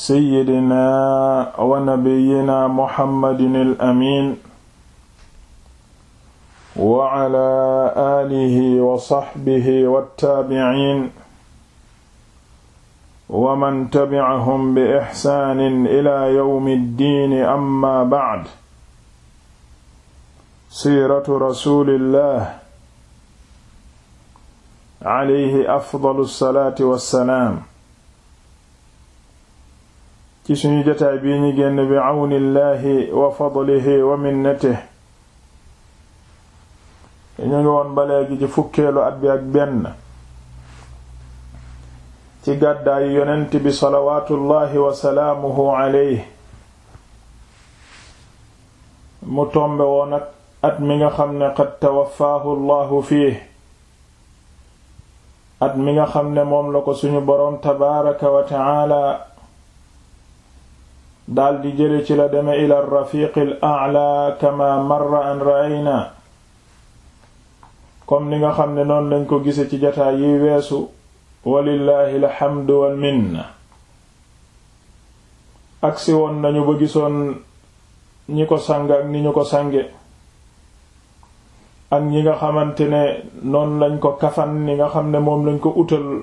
sayyidina wa nabiyyina muhammadin al-amiin wa cala aalihi wa saxbihi wattaabiciin wa man tabicahum bi ixsaanin ilaa yawmi ddiini amma bacd siiratu rasuulillah calayhi afdalu salaati wassalaam ci suñu jotaay bii ñi génn bi awnillahi wa fadlihi wa minnatihi ñu ngi woon ba léegi ci fukkeelu at bi ak benn ci gàddaayu yonent bi salawaatullahi wa salaamuhu alayhi mu tombe woon ak at mi nga xam ne qad tawaffaahu allahu fiihi at mi nga xam ne moom la ko suñu boroom tabaaraka wa ta'aala daal di jële ci la deme ila rafiqi al kama marra an ra'ayna comme ni nga xam ne noon lañ ko gise ci jataay yiy weesu walillahi alhamdu wal minna agsi woon nañu ba gisoon ñi ko sang ak ni ñu ko sange ak ñi nga xamante ne noon lañ ko kafan ni nga xam ne moom lañ ko utal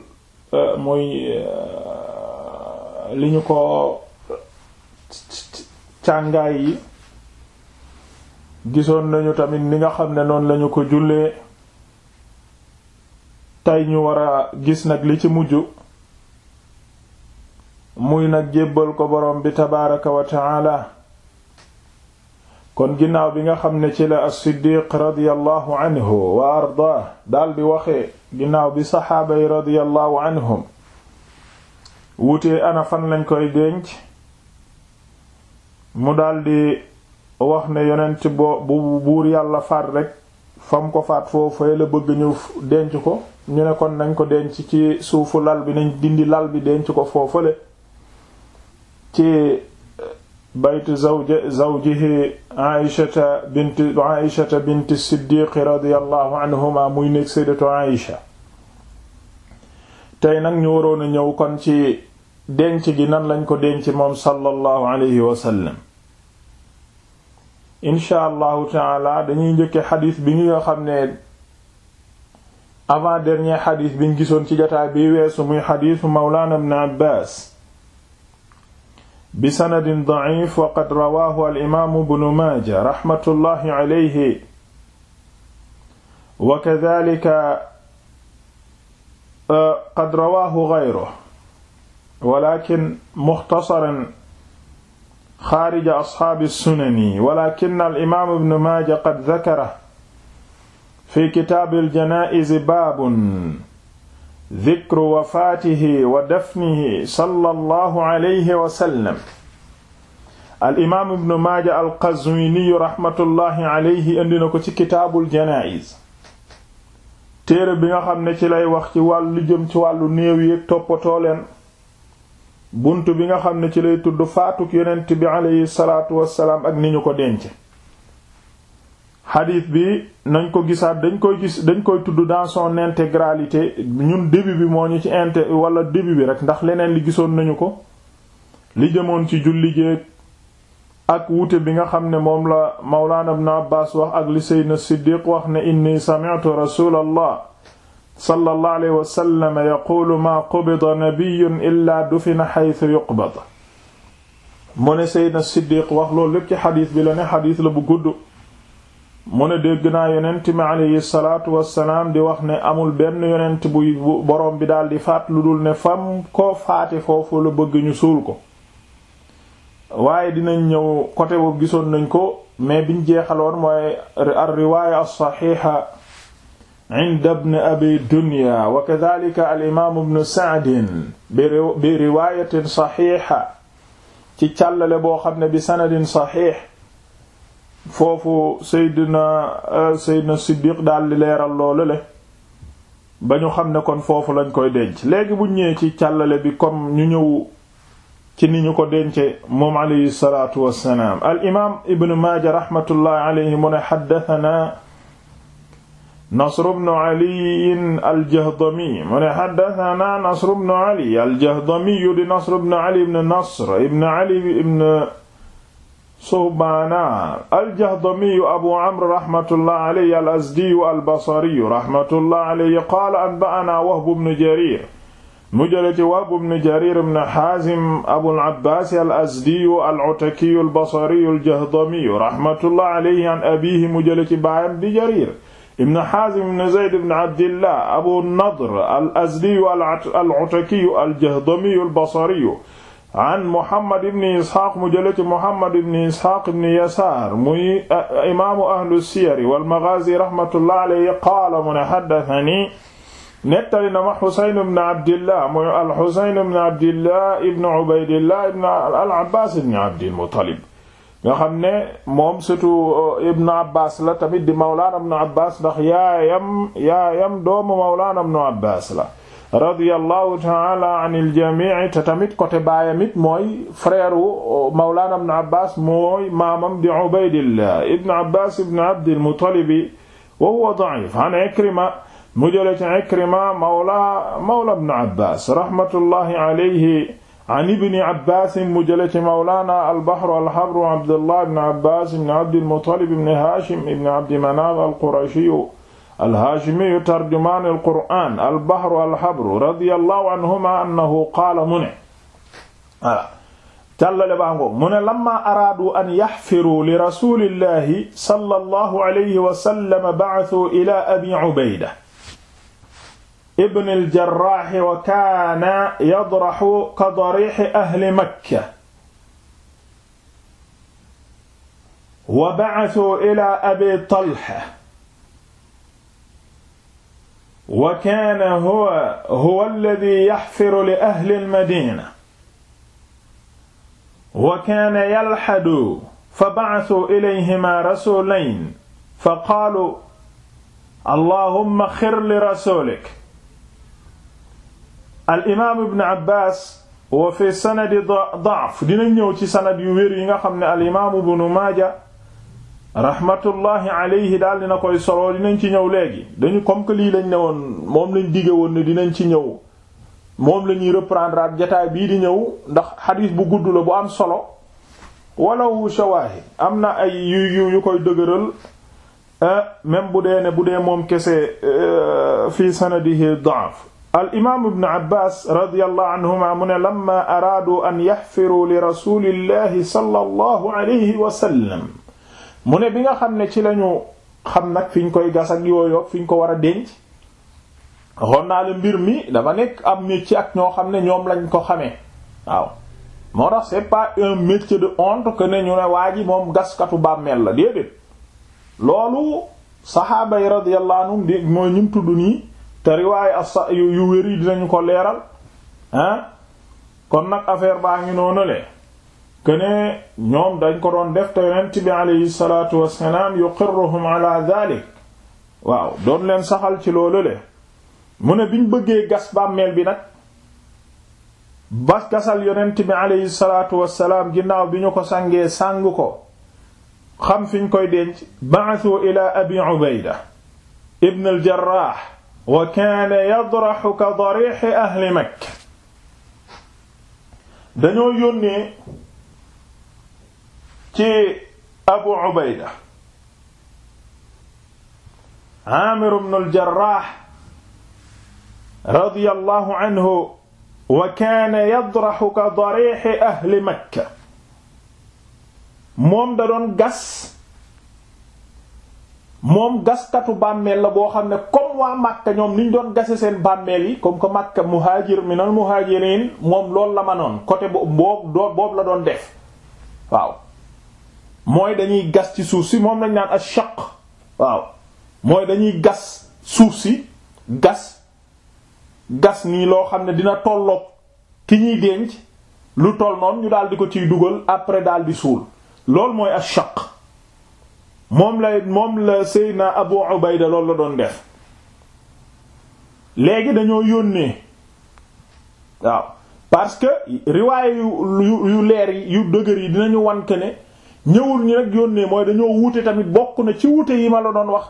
euh, mooy euh, li ñu ko càngaay yi gisoon nañu tamit ni nga xam ne noon lañu ko jullee tey ñu war a gis nag li ci mujj muy nag jébbal ko borom bi tabaaraka wa taala kon ginnaaw bi nga xam ne ci la as-siddiq radiyallahu anhu wa ardaah daldi waxee ginnaaw bi saxaaba yi radiyallahu anhum wutee ana fan lañ koy génc mu daldi wax ne yonent boo bu buur yàlla faat rek fam ko faat foofu la bëgg ñu denc ko ñu ne kon nañ ko denc ci suufu lal bi nañ dindi lal bi denc ko foofale ci eh, baytu zawj zawjihi aishata bint aishata bint siddiq radiyallahu anhuma muy nekk sayyidatu aisha tey nag ñu waroon ñëw kon ci denc gi nan lañ ko denc moom sallallahu alayhi wa incha allahu taala dañuy njëkke xadis bi nga xam ne avant dernier xadis biñ gisoon ci jataay bi weesu muy xadisu mawlaana ibn abbas bi sanadin dacif wa qad rawaahu alimaamu ibnu maaja raxmatullahi aleyhi wa kadalika qad rawaahu gayruhu walakin muxtasaran xaarija asxaabi sunani walakin alimaam ibn maaja qad dakara fi kitaabil janaa'iz baabun dikru wafaatihi wa dafnihi sallallahu alayhi wa sallam alimaam ibn maaja alqazwiiniyu raxmatullahi alayhi indi na ko ci kitaabul janaa'iz téere bi nga xam ne ci lay wax ci wàllu jëm ci wàllu néew yi toppatoo leen bunt bi nga xam ne ci lay tudd faatu yonent bi aleyhi salaatu wassalaam ak ni ñu ko denc xadiis bi nañ ko gisaat dañ koy gis dañ koy tudd dans son intégralité ñun début bi moo ñu ci inté wala début bi rek ndax leneen li gisoon nañu ko li jëmoon ci julli géeg ak wuute bi nga xam ne moom la Mawlaana ibn Abbaas wax ak li Seydina Siddiq wax ne inni sami'tu rasulallah sallallahu alayhi wa sallam yaquulu maa qubida nabiyyun illaa dufina xaytu yuqbad mu ne Seydina wax loolu lépp ci xadiis bi la la bu gudd mu ne dégg naa yonent mi aleyhi salaatu wassalaam di wax ne amul benn yonent buy boroom bi daldi faat lu dul ne fam ko faate foofu la bëgg ñu suul ko waaye dinañ ñëw côté boobu gisoon nañ ko mais biñ jeexaloon mooy ar riwaaya as-saxiixa inda ibn abi dunya wa kadhalika al imaam ibn sa'd bi riwaayatin saxiixa ci càllale boo xam ne bi sanadin saxiix foofu Seydina euh, Seydina Siddiq daal di leeral loolu le ba ñu xam ne kon foofu lañ koy denc léegi bu ñëwee ci càllale bi comme ñu ñëw ci ni ñu ko dencee moom alayhi salaatu wassalaam al imaam ibn Maaja raxmatullaahi alayhi mu ne xaddatanaa Nasr ibn Ali al-Jahdami mu ne haddathana Nasr ibn Ali al-Jahdami di Nasr ibn Ali ibn Nasr ibn Ali ibn Suhbana al-Jahdami Abu Amr rahmatullah alayhi al-Azdi al-Basri rahmatullah alayhi qaala anba'ana Wahb ibn Jarir mu jële ci Wahb ibn Jarir ibn Hazim Abul Abbas al-Azdi al-Ataki al-Basri al-Jahdami rahmatullah alayhi an abiihi mu jële ci baayam di Jarir Ibn Haazim ibn Zayd ibn Abdillah Abu Nadr al-Azdi al-Ataki al-Jahdami al-Basri an Muhammad ibn Isxaaq mu jële ci Muhammad ibn Isxaaq ibn Yasaar muy imaamu ahlu siyar wal maghaazi rahmatullahi alayhi qaala mu ne haddathanii nettali na ma Xusayn ibn Abdillah muy al-Xusayn ibn Abdillah ibn Ubaydillah ibn al-Abbaas ibn Abdil Muttalib nga xam ne moom surtout euh, ibnu abbas la tamit di mawlaana ibnu abbas ndax yaayam yaayam doomu mawlaana ibnu abbas la radiyallahu taala anil jamii te tamit côté baayam it mooy frère wu euh, mawlaana ibnu abbas mooy maamam di ubaydillah ibnu abbas ibnu abdil muttalibi wa huwa da'if an ikrima mu jële ci ikrima mawla mawla ibnu abbas rahmatullahi alayhi an ibni abbasin mu jële ci mawlaana albahru alhabru abdullah ibni abbas ibni abdilmutalib ibni haashim ibni abdi manaaf alqurashiyu alhaashimiyu tarjumaan alqur'aan albahru alhabru radiyallahu anhuma annahu qaala mu ne càllale baango mu ne lamma araadu an yaxfiru li rasulillahi sallallahu alayhi wa sallam ba'athuu ilaa abi ubayda ibn al-Jarraax wa kaana yadraxu ka dariixi ahli Makka wa ba'asuu ilaa Abi Talha wa kaana huwa huwa alladii yaxfiru li ahli al-Madiina wa kaana yalxadu fa ba'asuu ilayhimaa rasuulayn fa qaaluu allahumma xir li rasuulik al imaam ibn Abbas wa fi sanadi da'f dinañ ñëw ci sanad yu wér yi nga xam ne al imaam ibn Maaja rahmatullahi alayhi daal dina koy solo soloo dinañ ci ñëw léegi dañu comme que lii lañ ne woon moom lañ digge woon ne dinañ ci ñëw moom la ñuy reprendre ak jataay bii di ñëw ndax xadiis bu gudd la bu am solo walawu shawaahid am na ay yu yu koy dëgëral eh, même bu dee bu dee moom kese eh, fi sanadihi da'f al imaam ibn Abbas radiyallahu anhuma mu ne lamma araadu an yaxfiru li rasulillahi sallallahu alayhi wa mu ne bi nga xam ne ci lañu xam nag fi ñu koy gas ak yooyu fi ñu ko war a denc waxoon naa la mbir mi dafa nekk am métier ak ñoo xam ne ñoom lañ ko xamee waaw moo tax c'est pas un métier de ne ñu ne waa moom gaskatu bàmmeel la déedéet loolu saxaaba yi anhum mooy ñum tudd nii te riwaaye asa yu wér dinañu ko leeral ah kon nag affaire baa ngi noonu le kene ñoom dañ ko doon def te yonent bi aleyhi salatu wassalaam yuqirruhum ala dhalik waaw doon leen saxal ci loolu le mu ne biñ bëggee gas bàmmeel bi nag ba gasal yonent bi yu salatu wassalaam ginnaaw bi ñu ko sangee sàng ko xam fiñ koy denc ba'athu ila abi ubayda ibn al wa kaana yadraxu ka darixi ahli Makka dañoo yónnee ci Abu Ubayda Aamir ibn al-Jarraax radiyallahu anhu wa kaana yadraxu ka darixi ahli Makka moom da doon gas moom gaskatu bàmmeel la boo xam ne comme waa Makka ñoom ñu doon gase seen bàmmeel yi comme que Makka muhajir minal muhajirin moom loolu la manoon noon côté boobu boobu la doon def waaw mooy dañuy gas ci suuf si moom lañ naan ashaq waaw mooy dañuy gas suuf si gas gas nii loo xam ne dina tolloog ki ñuy denc lu toll noonu ñu daal di ko ciy dugal après daal di suul loolu mooy ashaq moom la moom la Seydina Abu Ubayda loolu la doon def léegi dañoo yónnee waaw parce que riwaay yu yu yu leer yu dëgër yi dinañu wan que ñëwul ñu rek yónnee mooy dañoo wuute tamit bokk na ci wuute yi ma la doon wax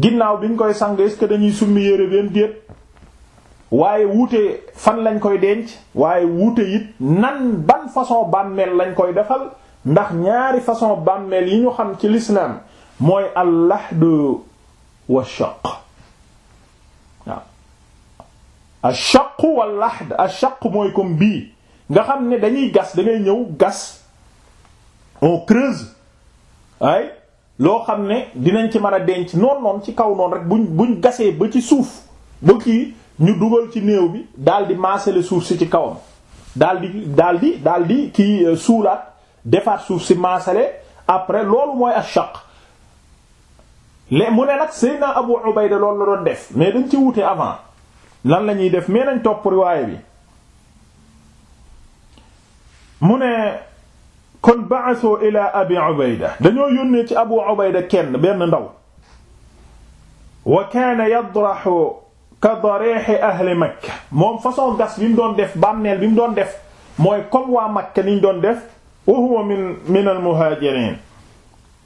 ginnaaw biñ koy sang est-ce dañuy summi yére benn déet waaye wuute fan lañ koy denc waaye wuute it nan ban façon bàmmeel lañ koy defal ndax ñaari façon bàmmeel yi ñu xam ci lislaam mooy al-lahdu wa shaq waaw ash-shaq mooy comme bii nga xam ne dañuy gas dangay ñëw gas on creuse ay loo xam ne dinañ ci mën a denc noon noon ci kaw noonu rek buñ buñ gasee ba ci suuf ba kii ñu dugal ci néew bi daal di maasale suuf si ci kawam daal di daal di daal di kii euh, suulaat defaat suuf si maasale après loolu mooy ashaq lé mu ne nag Seydina Abu Ubayda loolu la doon def mais dañ ci wute avant lan la ñuy def mais nañ topp riwaaya bi mu ne kon ba'athu ila Abi Ubayda dañoo yónnee ci Abu Ubayda kenn benn ndaw wa kaana yadrahu ka darihi ahli Makka moom façon gas bi mu doon def bàmmeel bi mu doon def mooy comme waa Makka ni doon def wa huwa min min al muhaajiriin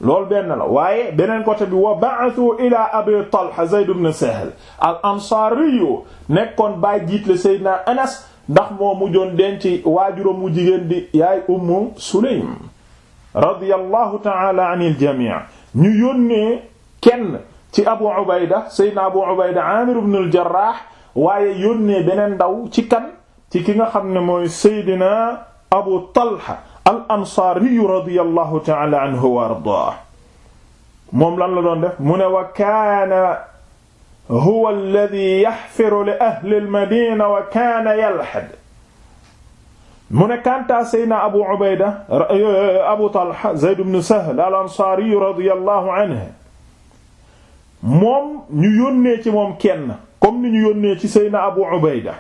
loolu benn la waaye beneen côté bi wa ba'athu ila abi talha zayd ibn sahl al ansaari nekkoon baay jiitle seydina anas ndax moo mujjoon denc waajuram wu jigéen di yaay ummu sulaym radiyallahu ta'ala anil jamii ñu yónnee kenn ci abu ubayda seydina abu ubayda amir ibn al jarrah waaye yónnee beneen ndaw ci kan ci ki nga xam ne mooy seydina abu talha al ansaariyu radiyallahu ta'ala anhu wa ardaah moom lan la doon def mu ne wa kaana huwa alladhi yahfiru li ahli al-madina wa kaana yalhad mu ne kantaa seydna abu ubayda abu talha zayd ibn sahl al ansaariyu radiyallahu anhu moom ñu yónnee ci moom kenn comme ni ñu yónnee ci seydna abu ubayda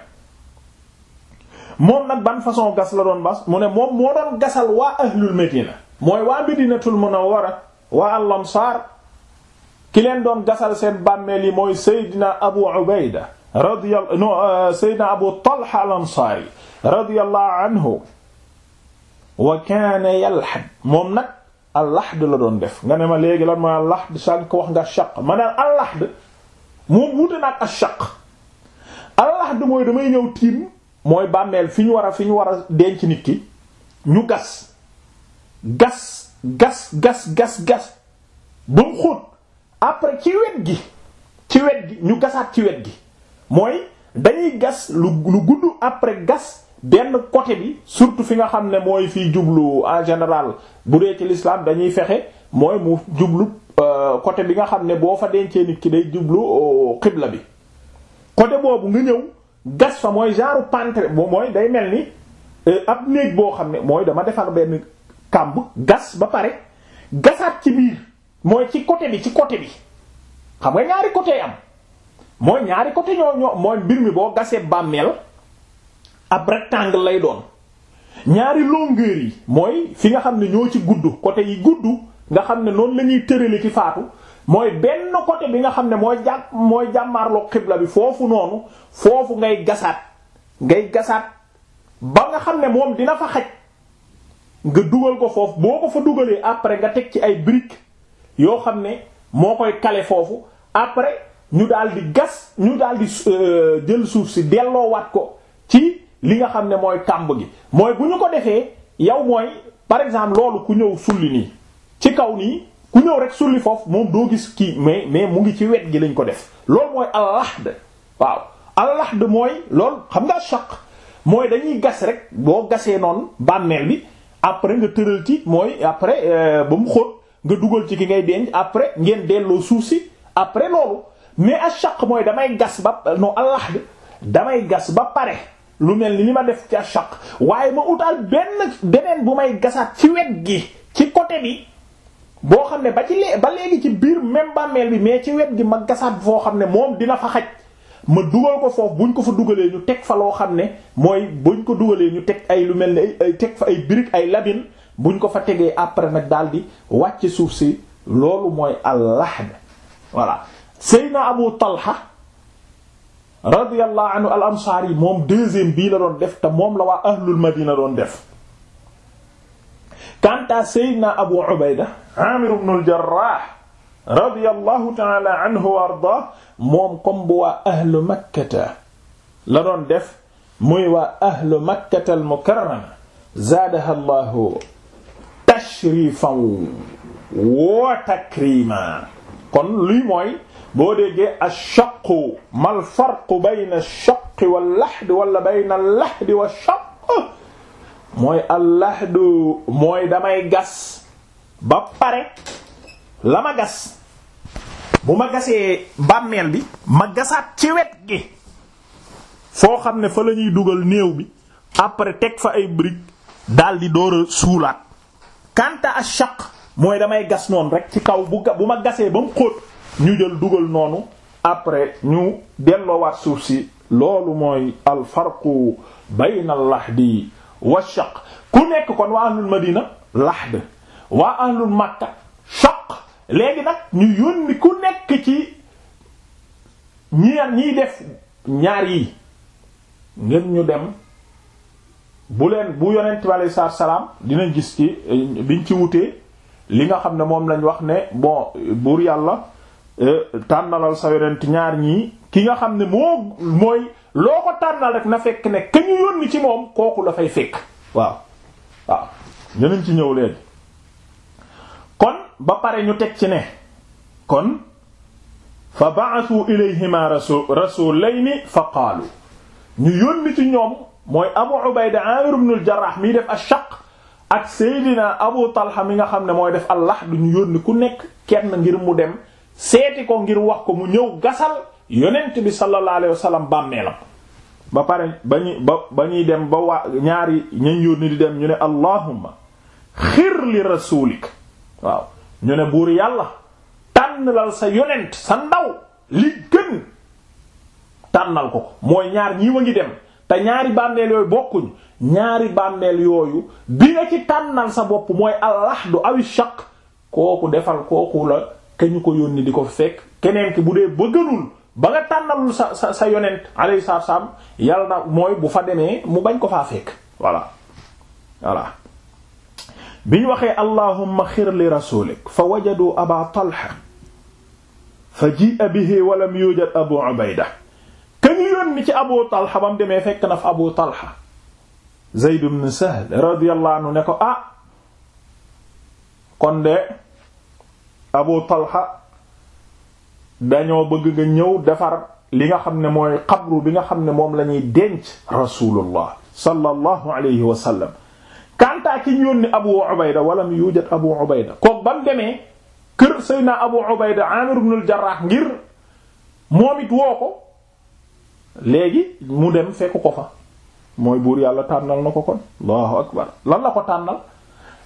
moom nag ban façon gas la doon bas mu moom moo doon gasal waa ahlul madina mooy waa madinatul munawwara waa al-ansaar ki leen doon gasal seen bàmmeel yi mooy Seydina Abu Ubayda radiyallahu euh, Abu Talha al-Ansaari radiyallahu anhu wa kaana yalhad moom nag al-lahd la doon def nga ne ma léegi lan mooy al-lahd wax nga shaq ma mooy damay ñëw tiim mooy bàmmeel fi ñu war a fi ñu war a denc nit ki ñu gas gas gas gas gas gas ba mu xóot après ci wet gi ci wet gi ñu gasaat ci wet gi mooy dañuy gas lu lu gudd après gas benn côté bi surtout fi nga xam ne mooy fiy jublu en général bu dee ci l'islam dañuy fexe mooy mu jublu euh, côté bi nga xam ne boo fa dencee nit ki day jublu xibla euh, bi côté boobu nga ñëw gas fa mooy genre pantre mooy day mel ni euh, ab néeg boo xam ne mooy dama defar benn kàmb gas ba pare gasaat ci biir mooy ci côté bi ci côté bi xam nga ñaari côté am mooy ñaari côté ñoo ñoo mooy mbir mi boo gasee bàmmeel ab rectangle lay doon ñaari longueur yi mooy fi nga xam ne ñoo ci gudd côté yi gudd nga xam ne noonu lañuy ñuy tërale ki faatu mooy benn côté bi nga xam ne mooy jàpp mooy jàmmaarloo xibla bi foofu noonu foofu ngay gasaat ngay gasaat ba nga xam ne moom dina fa xaj nga dugal ko foofu boo ko fa dugalee après nga teg ci ay briques yoo xam ne moo koy kale foofu après ñu daal di gas ñu daal di euh, jël suuf si delloowaat ko ci li nga xam ne mooy kàmb gi mooy bu ñu ko defee yow mooy par exemple loolu ku ñëw sulli nii ci kaw nii ku ñëw rek sulli foofu moom doo gis kii mais mais mu ngi ci wet gi lañ ko def loolu mooy al-lahd waaw al-lahd mooy loolu xam nga shaq mooy dañuy gas rek boo gasee noonu bàmmeel bi après nga tëral ci mooy après euh, ba mu xóot nga dugal ci ki ngay denc après ngeen delloo suuf si après loolu mais ashaq mooy damay gas ba non al damay gas ba pare lu mel ni li ma def ci ashaq waaye ma utaal benn beneen bu may gasaat ci wet gi ci côté bi boo xam ne ba ci lee ba léegi ci biir même bàmmeel bi mais ci wet gi ma gasaat foo xam ne moom dina fa xaj ma dugal ko foofu buñ ko fa dugalee ñu teg fa loo xam ne mooy buñ ko dugalee ñu teg ay lu mel ne ay teg fa ay briques ay labine buñ ko fa tegee après nag daal di wàcc suuf si loolu mooy al-lahd voilà Seydina Abu Talha radiyallahu anhu al yi moom deuxième bii la doon def te moom la waa ahlul Madina doon def kanta Seydina Abu Ubayda Amir ibn al-Jarrah radiyallahu ta'ala anhu wa arda moom comme bu waa ahlu makkata la doon def muy waa ahlu makkata al-mukarrama zaadaha Allahu tashrifan wa takrima kon lii mooy boo déggee ash-shaqqu mal farqu bayna ash-shaqqi wal lahdi wala bayna al-lahdi wash-shaqq mooy allahdu mooy damay gas ba pare la ma gas bu ma gasee bàmmeel bi ma gasaat ci wet gi foo xam ne fa lañuy dugal néew bi après teg fa ay brique daal di doora suulaat kanta a shaq mooy damay gas noonu rek ci kaw bu bu ma gasee ba mu xóot ñu jël dugal noonu après ñu delloowaat suuf si loolu mooy alfarqu bayna allahdi wa shaq ku nekk kon waa ahlul madina lahd waa ahlul makka shaq léegi nag ñu yónni ku nekk ci ñiar ñiy def ñaar yi ngir ñu dem bu leen bu yonent bi aleyhi salaam dinañ gis ci eh, biñ ci wutee li nga xam ne moom lañ wax ne bon buur yàlla Euh, tànnalal sa yonent ñaar ñii ki nga xam ne moo mooy loo ko tànnal rek na fekk ne ka ñu yónni ci moom kooku la fay fekk waaw waaw ñeneen ci ñëw leen kon ba pare ñu teg ci ne kon fa ba'athu ilayhima rasul rasulayni fa qaalu ñu yónni ci ñoom mooy abu ubayda amir ibn al-jarrah miy def ashaq ak seydina abu talha mi nga xam ne mooy def allah du ñu yónni ku nekk kenn ngir mu dem seeti ko ngir wax ko mu ñëw gasal yonent bi sallallahu alayhi wasallam ba pare ba ñuy dem ba waa ñaari ñañ yónni di dem ñu ne allahumma xir li rasuulik waaw ñu ne buur yàlla tànnalal sa yonent sa ndaw li gën tànnal ko mooy ñaar ñii ngi dem te ñaari bàmmeel yooyu bokkuñ ñaari bàmmeel yooyu bi nga ci tànnal sa bopp mooy al lahdu awi shaq kooku defal kooku la ka ñu ko yónni di ko fekk keneen ki bu dee bëgganul ba nga tànnalul sa sa sa yonent alayhi salaam yàlla na mooy bu fa demee mu bañ ko faa fekk voilà voilà bi ñu waxee allahumma xir li rasulik fa wajadu aba talha fa ji'a bihi wa lam abu ubayda ka yónni ci abu talha ba mu demee fekk na fa abu talha zayd ibn sahl radiyallahu ne ko ah kon de Abu Talha dañoo bëgg nga ñëw defar li nga xam ne mooy xabru bi nga xam ne moom lañuy denc rasulullah sallallahu alayhi wa sallam kantaa ki ñu yónni Abu Ubayda walam yujad Abu Ubayda kook ba mu demee kër Seydina Abu Ubayda Amir ibn al ngir moom it woo ko léegi mu dem fekk ko fa mooy buur yàlla tànnal na ko kon allahu akbar lan la ko tànnal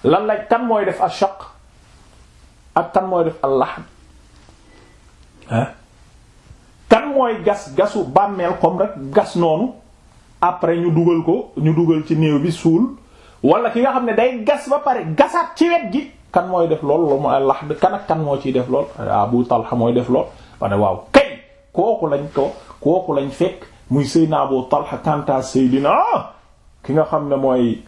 lan la kan mooy def ashaq ak kan mooy def al-lahd kan mooy gas gasu bàmmeel comme rek gas noonu après ñu dugal ko ñu dugal ci néew bi suul wala ki nga xam ne day gas ba pare gasaat ci wet gi kan mooy def lool la mu al kan ak kan moo ciy def lool Abu Talha mooy def lool wane waaw kay kooku lañ ko kooku lañ fekk muy Seydina Abu Talha kanta Seydina ki nga xam ne mooy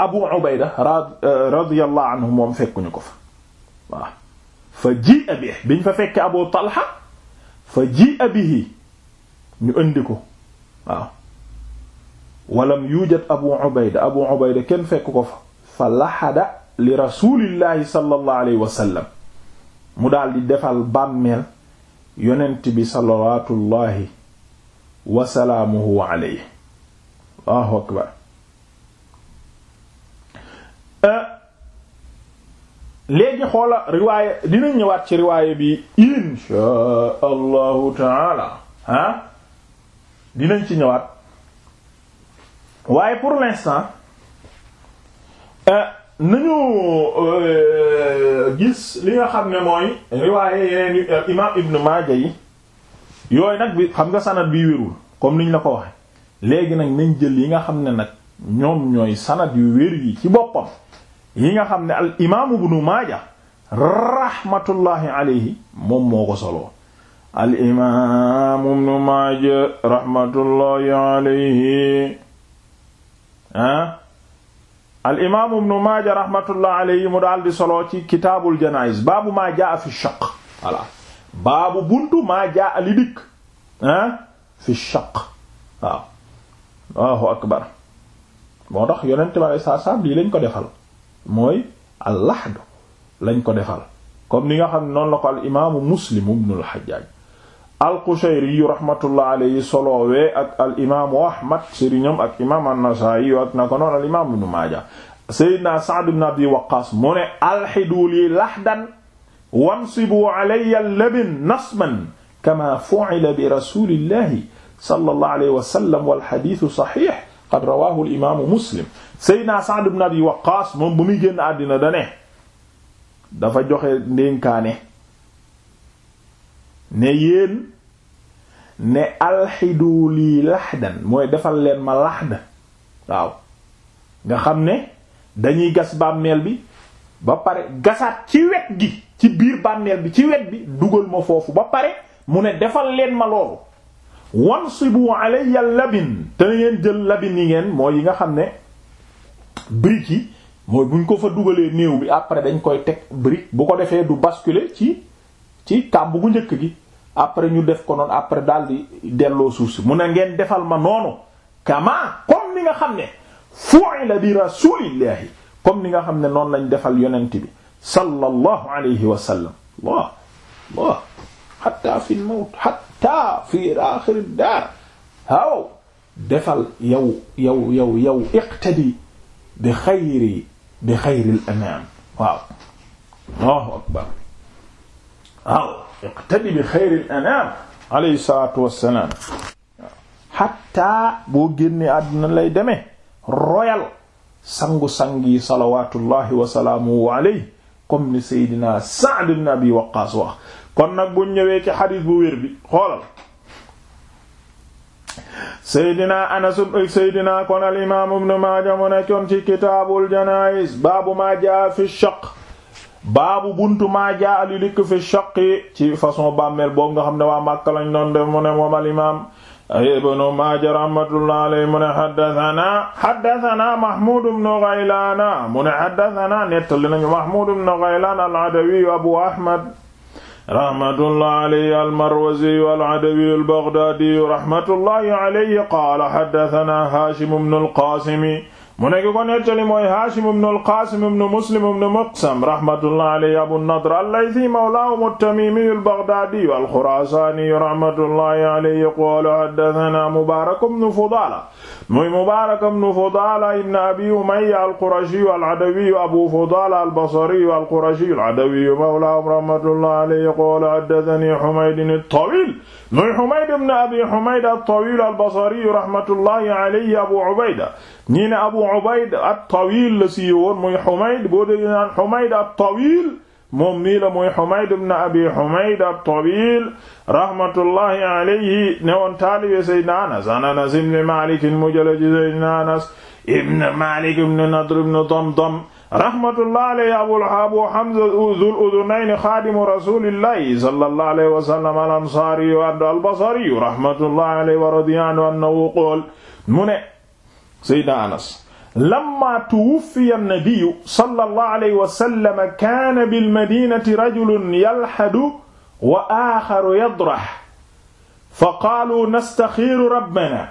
abu ubayda radiyallahu anhu moom fekkuñu ko fa waaw fa ji a bi biñ fa fekke abu talha fa ji a bihi ñu indi ko waaw walam yujad abu ubayda abu ubayda kenn fekk ko fa fa laxada li rasulillahi sallallahu alayhi wa sallam mu daal di defal bàmmeel yonent bi salawatullahi wa salaamuhu alayhi Allahu akbar eh, léegi xoola riwaaye dinañ ñëwaat ci riwaaye bi insha allahu taala ah dinañ ci ñëwaat waaye pour l'instant eh, nañu eh, gis li nga xam ne mooy riwaaye yeneen imam Ibn Maaja yi yooyu nag bi xam nga sanad bi wérul comme niñ la ko waxe léegi nag nañ jël yi nga xam ne nag ñoom ñooy sanad yu wér ci boppam yi nga xam ne al imaamu ibnu maaja rahmatullahi moom moo ko soloo al imaamu ah, ibnu maaja rahmatullahi alayhi mu daal di soloo ci kitaabul janaïs baabu maa jaa fi shaq voilà baabu buntu maa jaa li dikk ah, fi shaq akbar moo tax yonent ma saa saam lii lañ ko defal mooy al-lahd lañ ko defal comme ni nga xam ne noonu la ko al imaamu muslim ibnu al-Hajjaj al-Qushayri yu rahmatullah solowee ak al imaamu Ahmad sëriñam ak imaam an-Nasaa'i ak na ko noonu al imaam ibnu Maaja Seydina Sa'd ibn Abi Waqqaas mu ne alxiduu lii lahdan wansibu alayya al-labin nasban kama fu'ila bi rasulillahi sallallahu alayhi wa sallam wal hadithu sahih qad rawahu al-imam muslim sayyidina Sa'd ibn Abi Waqqas moom bu muy génn àddina dane dafa joxe ndénkaane ne yéen ne alxidu lii laxdan mooy defal leen ma laxda waaw nga xam ne dañuy gas bàmmeel bi ba pare gasaat ci wet gi ci biir bàmmeel bi ci wet bi dugal ma foofu ba pare mu ne defal leen ma loolu wansibu alayya labin te na ngeen jël labin yi ngeen mooy yi nga xam ne brique yi mooy buñ ko fa dugalee néew bi après dañ koy teg brique bu ko defee du baskule ci ci kàmb gu njëkk gi après ñu def ko noonu après daal di delloo suuf si mu ne ngeen defal ma noonu kama comme ni nga xam ne fu'ila bi rasulillahi comme ni nga xam ne noonu lañ defal yonent bi sallallahu alayhi wa sallam Allah Allah hatta fi al-mawt hatta fi aaxir ad-daar haw defal yow yow yow yow iqtadi bi xayri bi xayri al-anaam waaw Allahu akbar waaw iqtadi bi xayri al-anaam alayhi salaatu wassalaam hatta boo génnee àdduna lay demee royal sangu-sang yi salawatullahi wa salaamuhu alayhi comme ni Seydina Sa'd ibn Abi Waqqas wax kon nag buñ ñëwee ci xadis bu wér bi xoolal Seydina Anas Seydina kon al imaam Ibn Maaja mu nekkoon ci kitaabul janaa'iz baabu maa jaa fi shaq baabu buntu maa jaa li likk fi shaq ci façon bàmmeel boobu xam ne waa Makka lañ doon def ne moom al imaam ibnu Maaja rahmatullah alayhi mu ne haddathana haddathana Mahmud ibn Ghaylan mu ne haddathana nettali nañu Mahmud ibn Ghaylan al-Adawi Abu Ahmad rahmatullah alayhi al-Marwazi al-Adawi al-Baghdadi rahmatullah alayhi qaala haddathana Hashim ibn al-Qasim mu ne ki ko nettali mooy Haashim ibn al-Qaasim ibn Muslim ibn Miqsam rahmatullah alayhi Abu an-Nadr al-Laythi mawlaahum at-Tamiimi al-Baghdaadi al-Khuraasaani rahmatullahi alayhi qaala haddathanaa Mubaarak ibn Fudaala muy Mubaarak ibn Fudaala ibn Abi Umayya al-Qurashi al-Adawi Abu Fudaala al-Basri al-Qurashi al-Adawi mawlaahum rahmatullahi alayhi qaala haddathanii Humayd at-Tawiil muy Humayd ibn Abi Humayd at-Tawiil al-Basri rahmatullahi alayhi Abu Ubayda ñii ne Abu Ubayd at-Tawil la sii woon muy Humayd boo dégg naan Humayd at-Tawil moom nii la muy Humayd ibn Abi Humayd at-Tawil rahmatullahi alayhi ne woon taalibe Seydina Anas Anas ibn Malik mu jële ci Seydina Anas ibn Malik ibn Nadr ibn Damdam rahmatullah alayhi Abu Hamza Dhul Udhunayn xaadimu rasulillahi sallallahu alayhi wa sallam al-Ansari wa al-Basri rahmatullahi alayhi wa radiya anhu annahu qaala mu ne Seydina Anas lamma tuwuffiya an-nabiyyu sallallahu alayhi wa sallam kaana bil madinati rajulun yalhadu wa aaxaru yadrah fa qaaluu nastaxiiru rabbanaa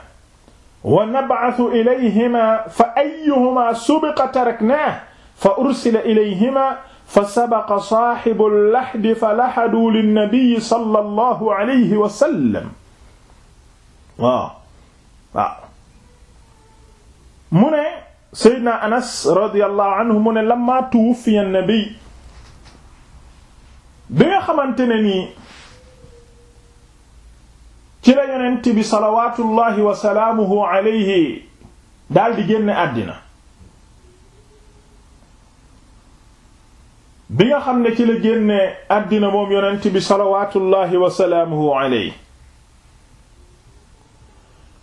wa nab'athu ilayhimaa fa ayyuhumaa subiqa taraknaahu fa ursila ilayhimaa fa sabaqa saahibul lahdi fa lahaduu linnabiyyi sallallahu alayhi wa sallam waaw waaw mu ne Seydina Anas radiyallahu anhu mu ne lamma tuwuffiya nabi bi nga xamante ne cila ci la yonent bi salawatullahi wa salaamuhu alayhi daal di génn àddina bi nga xam ne ci la génne àddina moom yonent bi salawatullahi wa salaamuhu alayhi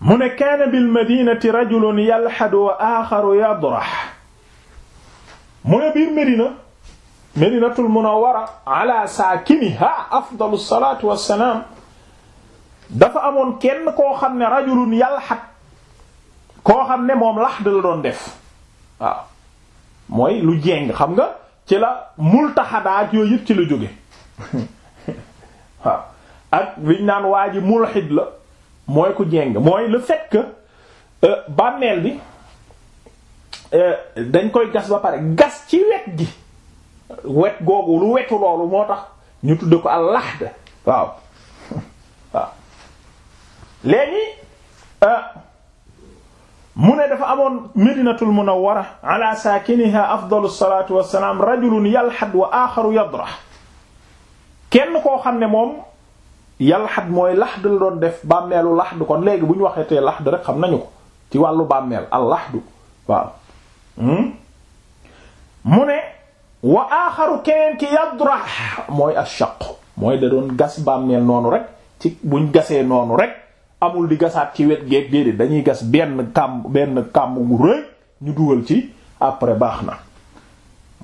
mu ne kaana bil madinati rajulun yalxadu wa aaxaru yadrax mu ne biir Medina Medinatul Munawwara ala saakiniha afdalu salaatu wassalaam dafa amoon kenn koo xam ne rajulun yalxad koo xam ne moom laxd la doon def waaw mooy lu jéng xam nga ci la multaxadaat yooyu yëpp ci la jóge waaw ak liñ naan waa ji mulxid la mooy ku jeng mooy le fait que euh, bi euh, dañ koy gas ba pare gas ci wet gi wet googu lu wetu loolu moo tax ñu tudd ko al-lahd waaw waaw euh, mu ne dafa amoon madinatul munawwara ala saakiniha afdalu salaatu wassalaam rajulun yalhad wa axaru yadrah kenn koo xam ne moom yàlla xat mooy laxd la doon def bàmmeelu laxd kon léegi bu ñu waxee tee laxd rek xam nañu ko ci wàllu bàmmeel al du waaw hmm? mu ne wa aaxaru keneen ki yadrax mooy ashaq mooy da doon gas bàmmeel noonu rek ci buñ gasee noonu rek amul di gasaat ci wet geeg déedéet dañuy gas benn kàmm benn kàmm gu rëy ñu dugal ci après baax na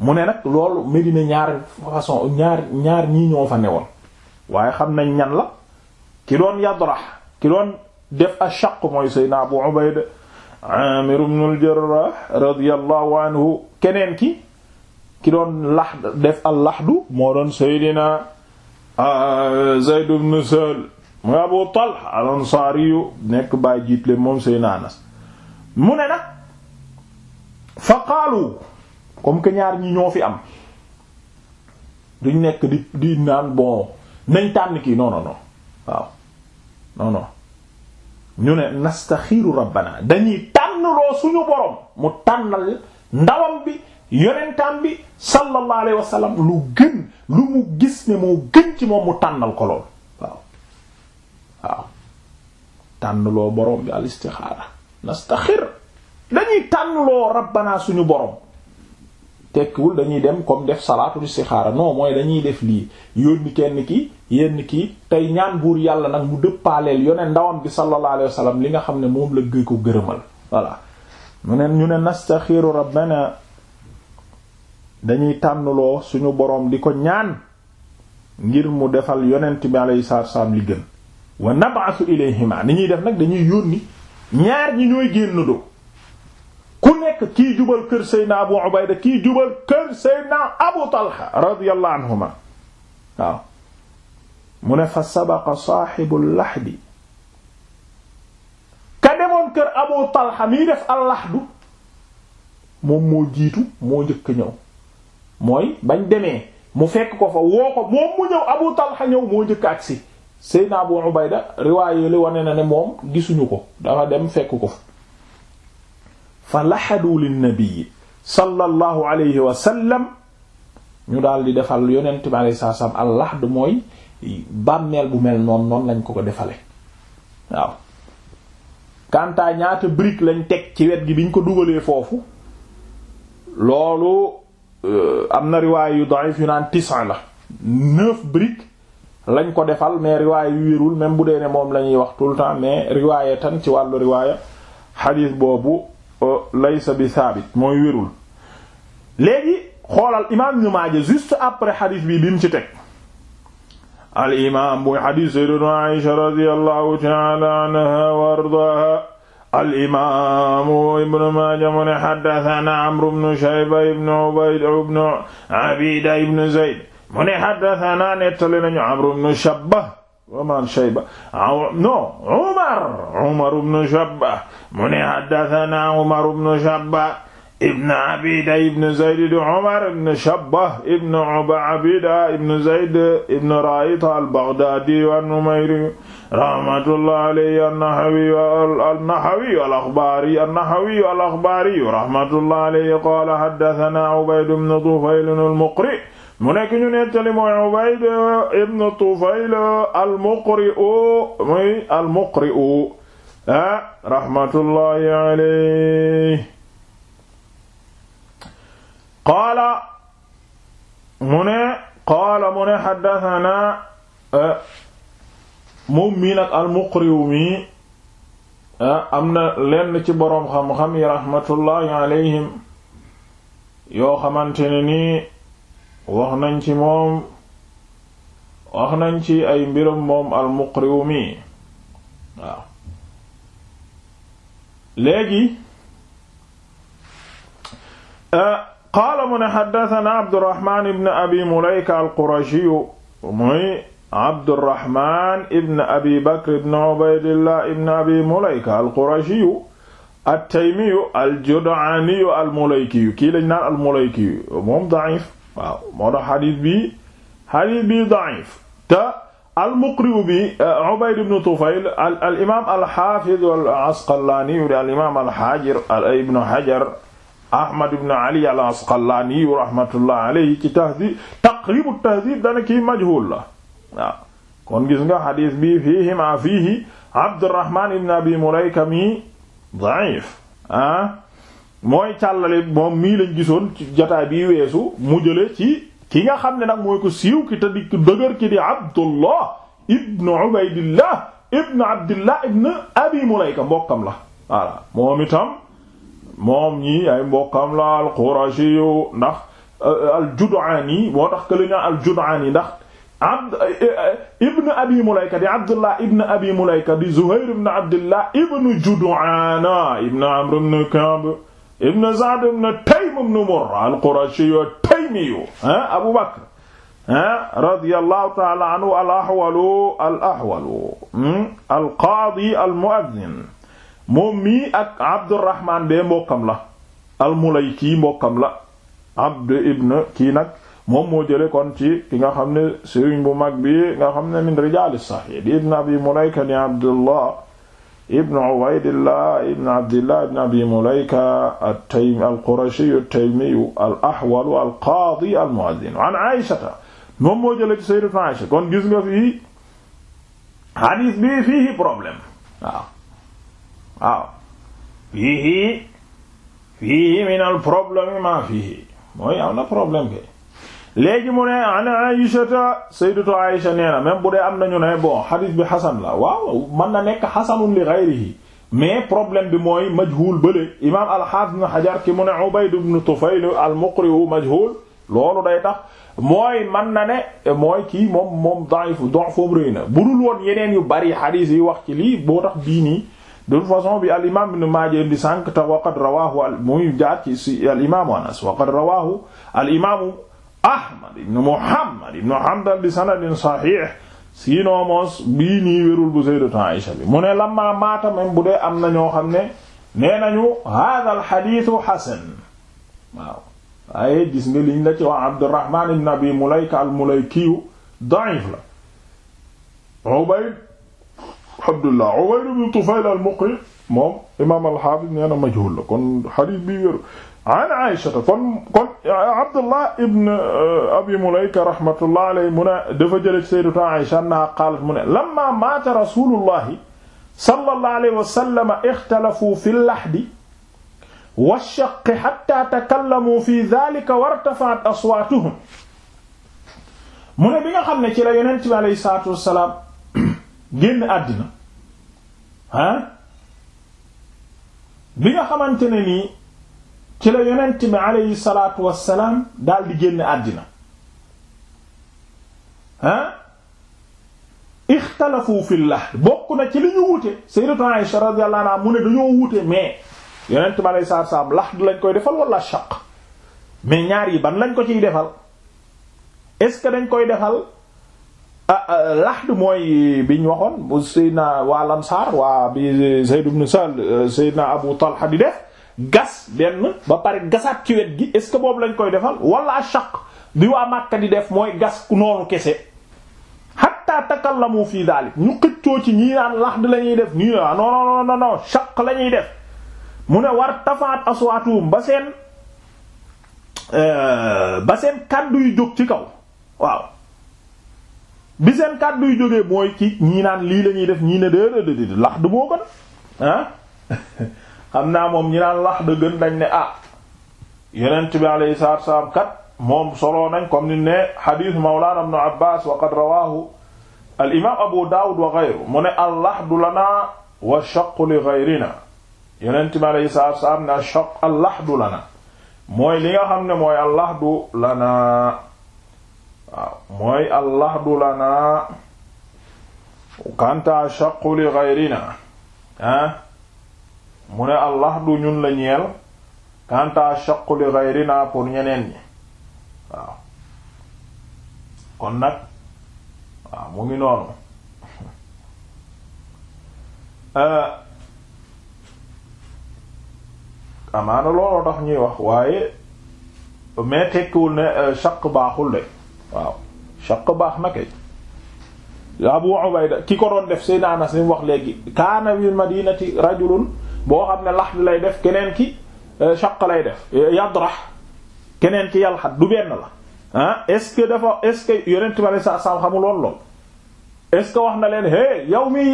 mu ne nag loolu Medina ñaar façon ñaar ñaar ñii ñoo fa newoon waaye xam nañ ñan la ki doon yadrax ki doon def ashaq mooy seydna abu ubayda amir ibn al-jarrah anhu keneen ki ki doon laxd def al laxdu moo doon seydina ah, zayd ibn sahl mooy abu talha al ansaari yu nekk bày jiitle moom seydna anas mu ne nag fa qaalu comme que ñaar ñi ñoo fi am duñ nekk di di naan bon nañ tànn kii non non non waaw non non ñu ne nastaxiiru rabbana dañuy tànnloo suñu borom mu tànnal ndawam bi yonentam bi sallallahu alayhi lu gën lu mu gis ne moo gën ci moom mu tànnal ko lool waaw waaw tànnloo borom bi al nastaxir dañuy tànnloo rabbana suñu boroom tekkiwul dañuy dem comme def salaatu istixaara non mooy dañuy def lii yónni kenn ki yenn ki tey ñaan buur yàlla nag mu dëppaaleel yoneen ndawam bi sallallahu alayhi wa li nga xam ne moom la gëy ko gërëmal voilà mu ñu ne nastaxiru rabbana dañuy tànnloo suñu boroom di ko ñaan ngir mu defal yonent bi alayhi salaatu salaam li gën wa nab'athu ilayhima ni ñuy def nag dañuy yónni ñaar ñi ñooy génn do nekk kii jubal kër Seydina Abu Ubayda kii jubal kër Seydina Abu Talha radiyallahu anhuma mu ne fa sabaqa lax laxdi ka demoon kër Abu Talha miy def allaxdu moom moo jiitu moo njëkk ñëw mooy bañ demee mu fekk ko fa woo ko moom mu ñëw Abu Talha ñëw moo njëkk agsi Seydina Abu Ubayda riwaayé li wane na ne moom gisuñu ko dafa dem fekk ko fa fa laxadu linnabii sallallahu alayhi wa sallam ñu daal di defal yonent bi alayhi salaam al laxd mooy bàmmeel bu mel noonu noonu lañ ko ko defale waaw kantaa ñaata brique lañ teg ci wet gi biñ ko dugalee foofu loolu euh, am na riwaay yu da'if yu naan tisan la neuf briques lañ ko defal mais riwaay yu wérul même bu dee ne moom la ñuy wax tout le temps mais riwaaya tan ci wàllu riwaaya xadiis boobu laysa bi saabit mooy wérul léegi xoolal imaam Ibn Maaja juste après xadis bi bi mu ci teg al imaam bu xadis sayyidatu Aïsha radiyallahu ta'ala anha wa ardaaha al imaamu Ibn Maaja mu ne haddathana Amr ibn Shayba ibn Ubayd ibn Abida ibn Zayd mu ne haddathana nettali nañu Amr ibn Shabba waman Shayba non Umar Umar ibn Shabba mu ne haddathana Umar ibn Shabba ibn Abida ibn Zayd Umar ibn Shabba ibn Abida ibn Zayd ibn Ra'ita al-Baghdadi an-Numayri rahmatullahi alayhi an-Nahawi al-Akhbari an-Nahawi al-Akhbari rahmatullahi alayhi qala haddathana Ubayd ibn Tufayl al-Muqri mu nekk ñu nettali mooy Ubayd ibn Tufayl al-Muqri'u muy al-Muqri'u ah rahmatullahi alayhi qaala mu ne qaala mu ne haddathana ah, moom mii nag al-Muqri'u mii ah, am na lenn ci boroom xam-xam yi rahmatullahi alayhim yoo xamante ne nii wax nañ ci moom wax nañ ci ay mbiram moom al-Muqri'u mi waaw léegi euh, qaala mu ne xaddatana Abdurrahman ibn Abi Mulayka al-Qurashi muy Abdurrahman ibn Abi Bakr ibn Ubaydillah ibn Abi Mulayka al-Qurashi at-Taymi al-Jud'ani al-Mulayki kii lañ naan al-Mulayki moom da'if waaw moo tax xadiis bi xadiis bi da'if te al-Muqri bi euh, Ubayd ibn Tufayl al imaam al-Haafiz al-Asqalaani al imaam al-Haajar ibn Hajar Ahmad ibn Ali al-Asqalaani rahmatullah alayhi ci tahdhib Taqrib at-Tahdhib dana kii majhuul la waaw kon gis nga xadiis bi fiihi maa fiihi Abdurrahmaan ibn Abi Mulayka mi da'if ah mooy càllale moom mii lañ gisoon ci jotaay bi weesu mu jële ci ki nga xam ne nag mooy ko siiw ki te di dëgër ki di abdullah ibnu abi mulayka mbokkam la voilà moom itam moom ñi ay mbokkam la al qurashi ndax euh, al judaani moo tax que li nga al judaani ndax abd euh, ibnu abi mulayka di abdullah ibnu abi mulayka judaana ibnu amr ibnu ka'b ibn Sa'd ibn Taym ibn Murra al-Qurashi at-Taymi Abu Bakr radiyallahu ta'ala anhu al-ahwalu al-ahwalu hmm, al-qaadi al-mu'adhdhin moom mii ak Abdurrahman bee mbokkam la al-Mulayki mbokkam la Abd ibn kii nag moom moo jële kon ci ki nga xam ne sëriñ bu mag bi nga xam ne min rijaal as-sahih di ibn Abi Mulayka ni Abdullah ibn Ubaydillah ibn Abdillah ibn Abi Mulayka at-Taymi al-Qurashi at-Taymi al-Ahwal al-Qaadi al-Mu'adhdhin an Aysata moom moo jëlee ci Sayyidatu Aysa kon gis nga fii hadith bi fii problème waaw waaw fii fii min al-problème ma fii mooy am na problème kay léegi mu ne an Aïshata sayyidatu Aïsha nee na même bu dee am nañu ne bon xadis bi xasan la waaw mën na nekk xasanun li ghayrihi mais problème bi mooy majhul bële imaam al-Hafiz ibn Hajar ki mu ne Ubayd ibn Tufayl al-Muqri majhul loolu day tax mooy man na ne mooy kii moom moom da'if da'fum rëy na budul woon yeneen yu bari xadiis yi wax ci lii boo tax bii nii de toute bi al imam ibn Maaja indi sànq te waqad rawaahu al jaar ci si al imaamu Anas ahmad ibn muhammad ibn hamdan bi sanadin sahih sinon moos bii nii wérul bu sayyidatu Aisha bi mu ne lamma maata même bu dee am na ñoo xam ne nee nañu hada al xaditu xasan waaw waaye gis nga liñ la ci wax Abdurrahman ibn Abi Mulayka al Mulaykiyu da'if la Ubayd Abdullah Ubayd ibn Tufayl al Muqri moom imaam al-Hafiz nee na majhul la kon hadith bi wéru an Aïsha kon kon Abdullah ibn euh, Abi Mulayka rahmatullah alayhi mu ne dafa jële ci sayyidatu Aïsha annaha qaalat mu ne lamma maata rasulullahi sallallahu alayhi wa sallam ixtalafu fi lahdi wa shaqqi hatta takallamu fi dhalika wa irtafa'at aswaatuhum mu ne bi nga xam ne ci la yonent bi alayhi salaatu wa salaam génn àddina ah bi nga xamante ne nii ci la yonent bi aleyhi salaatu wassalaam dal di génn àddina ah ixtalafu fi lah bokk na ci li ñu wuute sayyidatu Aisha radiyallahu anha mu ne dañoo wuute mais yonent bi aleyhi salaatu wassalaam lahd lañ koy defal wala shaq mais ñaar yi ban lañ ko ciy defal est ce que dañ koy defal Ah, ah, lax Lahd mooy bi ñu waxoon bu Seydina waa Lamsaar waa bi Zayd ibn Sahl euh, Seydina Abu Talha di def gas benn ba pare gasaat ci wet gi est boobu lañ koy defal wala ashaq bi waa Makka di def mooy gas noonu kese hatta takallamu fii daalik ñu xëccoo ci ñii naan Lahd la ñuy def nii ah, non non non non shaq la def mu ne war tafaat aswaatuhum ba seen euh, ba seen kàddu yu jóg ci kaw waaw bi seen kàddu yu jógee mooy ci ñii naan lii la ñuy def ñii ne déedéet lax du moo gën ah xam naa moom ñi naan lax da gën dañ ne ah yonent bi alayhi salaatu wassalaam kat moom solo nañ comme ni ne hadith mawlana ibn abbas wa qad rawahu al abu dawud wa ghayru mu ne al lahdu lana wa shaqu li ghayrina yonent bi alayhi salaatu wassalaam ne shaq al lahdu lana mooy li nga xam ne mooy al lahdu lana waaw mooy allahdu lana kanta shaqu li gayrina ah mu ne allahdu ñun la ñeel kanta shaqu li gayrina pour ñeneen ñi waaw kon nag waaw mu ngi noonu euh, amaana looloo tax ñuy wax waaye mais tekkiwul ne euh, shaq baaxul de waaw shaq baax na kay Abu Ubayda ki ko doon def Seydina Anas wax léegi kaana bil madinati rajulun boo xam ne lax lay def keneen ki eh, shaq lay def eh, yadrah keneen ki yalxat du benn la ah est-ce que dafa est-ce que yonent bi saa saa xamul woon lool est-ce que wax na leen hey yow mi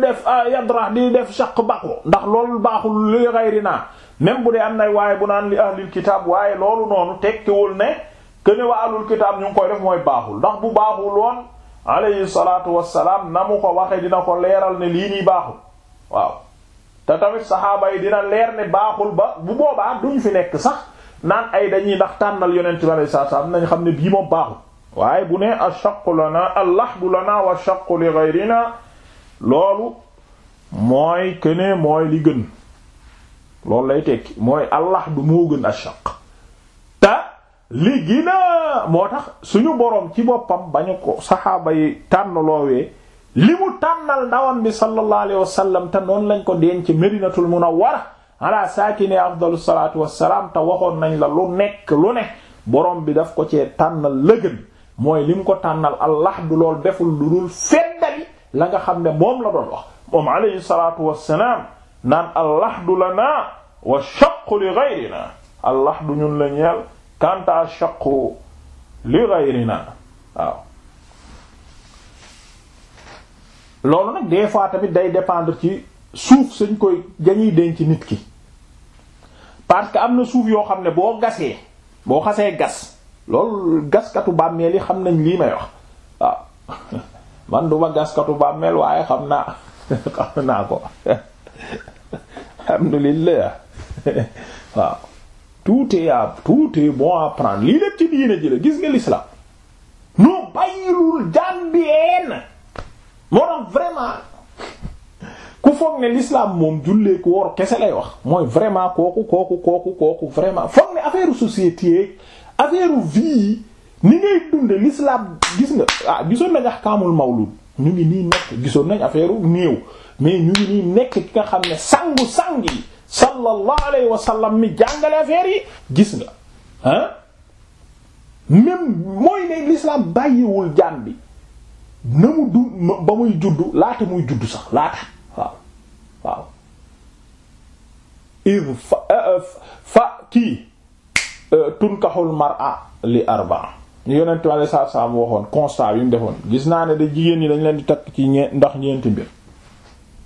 def ah, yadrah di def shaq baaxoo ndax lool baaxul li xayri naa même bu dee am nay waaye bu naan li ahlil kitaab waaye loolu noonu tekkiwul ne këne waa alul kitaab ñu ngi koy def mooy baaxul ndax bu baaxul woon alayhi salaatu wassalaam na mu ko waxee dina ko leeral ne lii nii baaxul waaw te tamit saxaaba yi dina leer ne baaxul ba bu boobaa duñ fi nekk sax naan ay dañuy ndax tànnal yonent bi alayhi salaatu wassalaam nañ xam ne bii moom baaxul waaye bu ne ash-shaqqu lana al-lahdu lana wa shaqqu li ghayrina loolu mooy këne mooy li gën loolu lay tekki mooy al-lahdu moo gën ash li gina moo tax suñu boroom ci boppam bañu ko saxaaba yi tànn loowee li mu tànnal ndawan bi sallallahu alayhi wasallam te noonu lañ ko denc medinatul munawwara ala saakini afdalu salaatu wassalaam te waxoon nañ la lu nekk lu ne borom bi daf ko cee tànnal lëgën mooy li mu ko tànnal allah du lool deful lu dul feddali la nga xam ne moom la doon wax moom alayhi salaatu wassalaam naan allah du lanaa wa shaqqu li ghayrina allah du ñun la kanta shaqu li ghayrina waaw loolu nag des fois tamit day dépendre ci suuf suñ koy dañuy denc nit ki parce que am na suuf yoo xam ne boo gasee boo xasee gas loolu gaskatu bàmmeel yi xam nañ lii may wax waaw man duma gaskatu bàmmeel waaye xam naa xam naa ko alhamdulillah waaw tout est à bon à prendre lii lépp ci diine ji la gis nga l'islam noo bàyyilul jàmbeen moo tax vraiment ku foog ne l'islam moom jullee ku wor kese lay wax mooy vraiment kooku kooku kooku kooku vraiment foog ne affaire société affaire vie ni ngay dunde l'islam gis nga ah gisoon nañ ahkaamul mawlud ñu ngi nii nekk gisoon nañ affaire niiw mais ñu ngi nii nekk ki nga xam ne sangu sang sallallahu alayhi wa sallam mi jàngale affaire yi gis nga ah même mooy ne l'islam bàyyiwul jaam bi na mu du ba muy juddu laata muy juddu sax laata waaw waaw id fa eh, eh, fa kii eh, tunkaxul mar'a li arba'a ñu yonentu Yàlla sallallahu alayhi waxoon constat yi mu defoon gis naa ne da jigéen ñi dañ leen di takk ci ñe ndax ñeenti mbir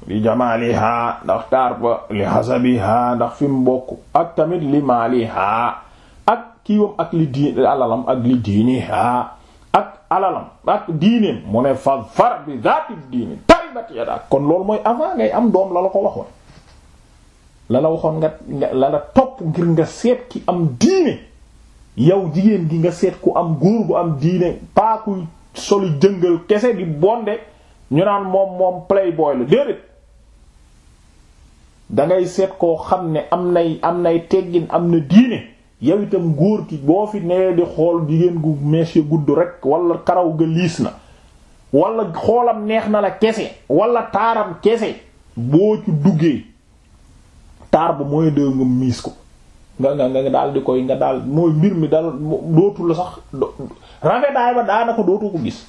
li jamaaliha ndax taar ba li hasabiha ndax fi mu ak tamit li maaliha ak kiiwam ak li diin alalam ak alalam ak diineem mu ne fa far bi zaati diini taribat yadak kon loolu mooy avant ngay am doom lala la ko waxoon la nga la la topp ngir nga seet ki am diine yow jigéen gi nga seet ku am góor gu am diine paakuy solu jëngal kese di bonde ñu naan moom moom playboy la déedéet dangay seet koo xam ne am nay am nay teggin am na diine yow itam góor ki boo fi newee di xool jigéen gu meche gudd rek wala karaw ga na walla xoolam neex na la kese wala taaram kese boo ci duggee taar ba mooy dee nga miis ko nga nga nga daal di koy nga daal mooy mbir mi daal dootu la sax rafetaay ba daanaka dootu ko gis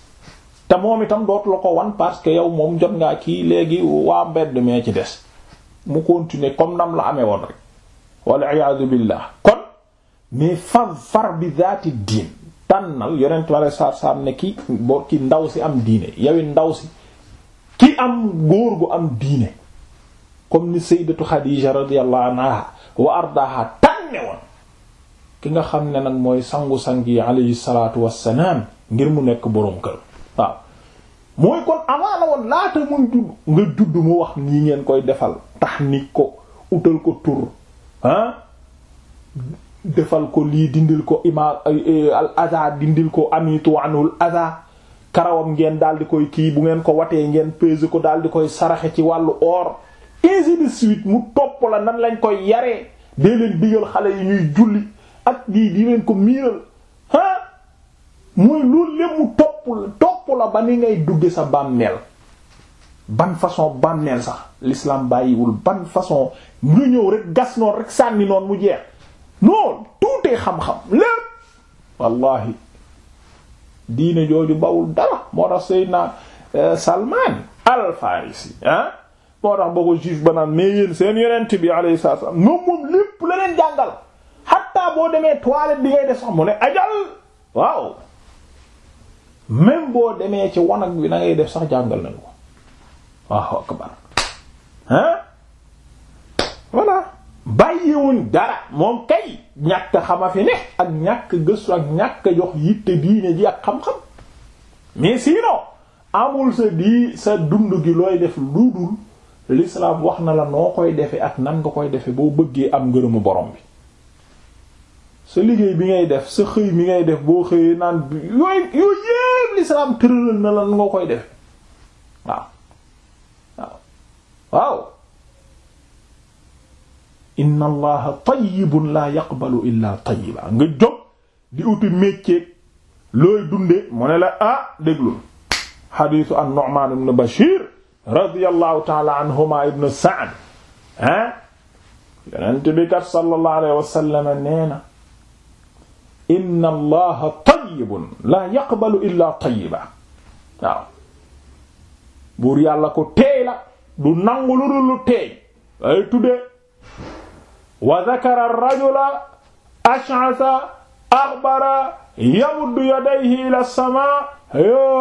te moom itam dootu la ko wan parce que yow moom jot ngaa kii léegi waa mbedd mee ci des mu continuer comme nam la amee woon rek walla iyaadu billah kon mais far far bi zaati diin tànnal yonent ma lay saar saar ki boo ki ndaw si am diine yawit ndaw si ki am góor gu am diine comme ni sayyidatu Xadiija radiyallahu anha wa ardaaha tànne woon ki nga xam ne nag mooy sangu-sang yi alayhi salaatu wassalaam ngir mu nekk boroom kër mooy kon avant la woon laata muy judd nga judd mu wax nii ngeen koy defal tax ni ko utal ko tur ah defal ko lii dindil ko ima e, al ada dindil ko amitu anul ada karawam ngeen daal di koy kii bu ngeen ko watee ngeen peser ko daal di koy saraxe ci wàllu or ainsi suite mu topp la nan lañ koy yaree dee leen digal xale yi ñuy julli ak lii di leen ko miiral mooy loolu lépp mu topp topp la ba ni ngay dugge sa bàmmeel ban façon bànneel sax l'islam bàyyiwul ban façon nga ñëw rek gas noonu rek sànni noonu mu jeex non tuutee xam-xam lépp wallahi diine jooju bawul dara moo tax Seydina euh, Salman al-Farisi ah moo tax boo ko juif ba naan mais seen yonent bi alayhi salaam moom moom lépp la jàngal xatta boo demee toilette bi ngay def sax mu ne ajal waaw même boo demee ci wanag bi na ngay def sax jàngal nañu ko waaw akbar hein voilà bàyyiwuñ dara moom kay ñàkk xamafi ne ak ñàkk gëstu ak ñàkk jox yitte diine ji ak xam-xam mais sinon amul sa di sa dund gi looy def lu dul wax na la noo koy defe ak nan nga koy defe boo bëggee am ngërëmu borom bi sa liggéey bi ngay def sa xëy mi ngay def boo xëyee naan yooyu yooyu yépp lislaam tëralal na lan nga koy def waaw waaw waaw inna allaha tayyibun la yaqbalu illa tayyiba nga di uti métier looy dunde mu ne la déglu ah, déglul xadiisu an Nu'man ibn Bashir radiyallahu taala anhuma ibn Sa'd ah yonent bi kat sallallahu alayhi wa na inna allaha tayyibun la yaqbalu illa tayyiba waaw buur yàlla ko teey la du nangu lu dul lu teey ay tuddee wa dhakara rajula ash'atha aghbara yamuddu yadayhi ila samaa ya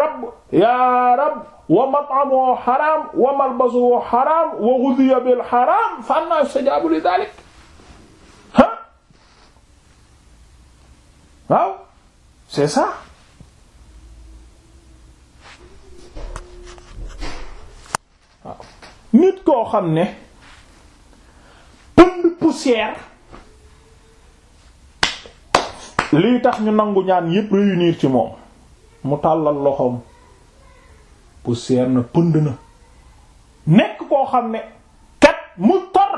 rab ya rab wa mat'amuhu haram wa malbasuhu haram wa ghudhiya bil haram fa anna yustajabu li dhalik waaw c'est ça waaw nit koo xam ne pënd poussière lii tax ñu nangu ñaan yépp réunir ci moom mu tàllal loxoom poussière na pënd na nekk koo xam ne kat mu tor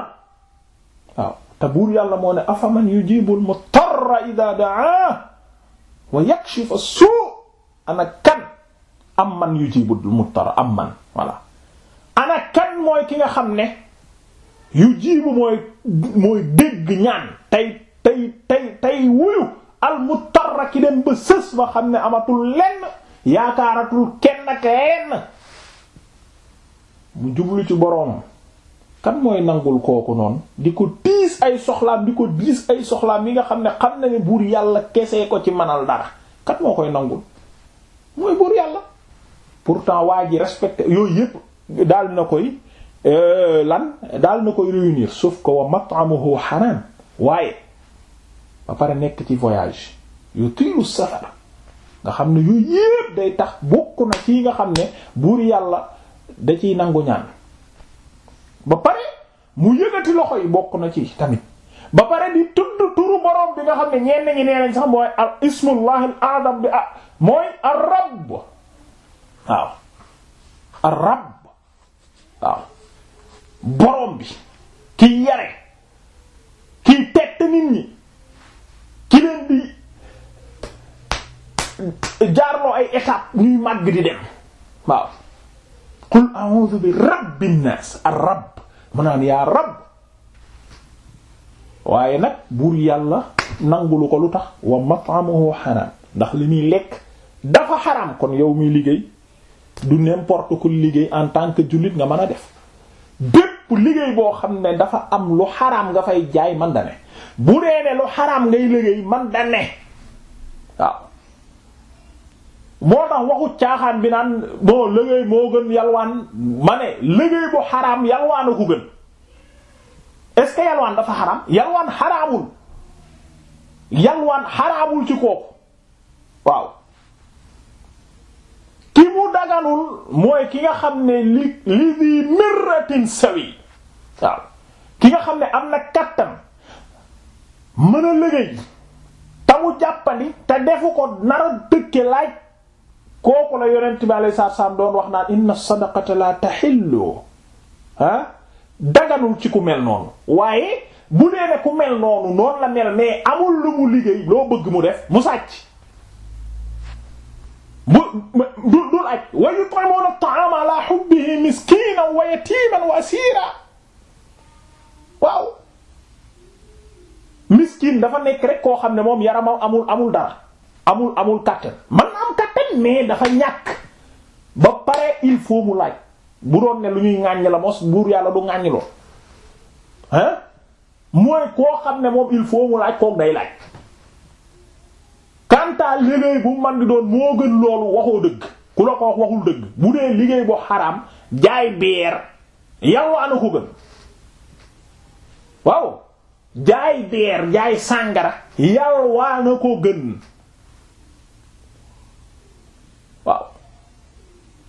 waaw te buur yàlla moo ne afaman yujibul mu tor barra ida daa wa yakshifa suu ana kan am man yujibul muttara am man voilà ana kan mooy ki nga xam ne yujibu mooy mooy dégg ñaan tey tey tey tey wuyu al muttara ki dem ba sës ba xam ne amatul lenn yaakaaratul kenn ak lenn mu jublu ci boroom kan mooy nangul kooku noonu di ko diis ay soxlaam di ko diis ay soxlaam yi nga xam ne xam na ne buur yàlla kese ko ci manal dara kan moo koy nangul mooy buur yàlla pourtant waa ji respecté yooyu yépp daal na koy euh, lan daal na koy réunir sauf que wa mat'amuhu haram waaye ba pare nekk ci voyage yu tiiru safar nga xam ne yooyu yépp day tax bokk na ci nga xam ne buur yàlla da ciy nangu ñaan ba pare mu yëgati loxo yi bokk na ci tamit ba pare di tudd turu borom bi nga xam ne ñenn ñi nee nañ sax mooy al ismullah al adam bi ah mooy ar rabb waaw ar rabb waaw borom bi kiy yare kiy tett nit ñi ki leen di jaarloo ay étape ñuy màgg di dem waaw qul a'udhu bi rabbin nas ar rabb mu naan yaa rab waaye nag buur yàlla nangulu ko lu tax wa mat'amuhu xaraam ndax li muy lekk dafa xaram kon yow muy liggéey du n'importe ku liggéey en tant que julit nga mën a def bépp liggéey boo xam ne dafa am lu xaram nga fay jaay man da bu dee ne lu xaraam ngay liggéey man waaw moo tax waxu caaxaan bi naan bon liggéey moo gën yalwaan ma ne liggéey bu xaraam yalwaan a ko gën est yalwaan dafa xaraam yalwaan xaraamul yalwaan xaraamul ci kooku waaw ki mu daganul mooy ki nga xam ne li li di mirratin sawi waaw ki nga xam ne am na kattan mën a liggéey te mu jàppandi te defu ko a dëkke laaj kooku la yonent bi alayhi salaam doon wax naan inna sadaqata la tahillu ah daganul ci ku mel noonu waaye bu dee ku mel noonu noonu la mel mais amul lu mu liggéey loo bëgg mu def mu sàcc bu dul aj wa yut'imuna dafa nekk koo xam ne moom yaramam amul amul dara amul amul kàttan man na am kàttan ŋaññ mais dafa ñàkk ba pare il faut mu laaj bu doon ne lu ñuy ŋaññ la mos buur yàlla du ŋaññ lool hein mooy koo xam ne moom il faut mu laaj kook day laaj kantaa liggéey bu man di doon moo gën loolu waxoo dëgg ku la ko wax waxul dëgg bu dee liggéey bu xaraam jaay beer yalwaana ko gën waaw jaay beer jaay sàngara yalwaana ko gën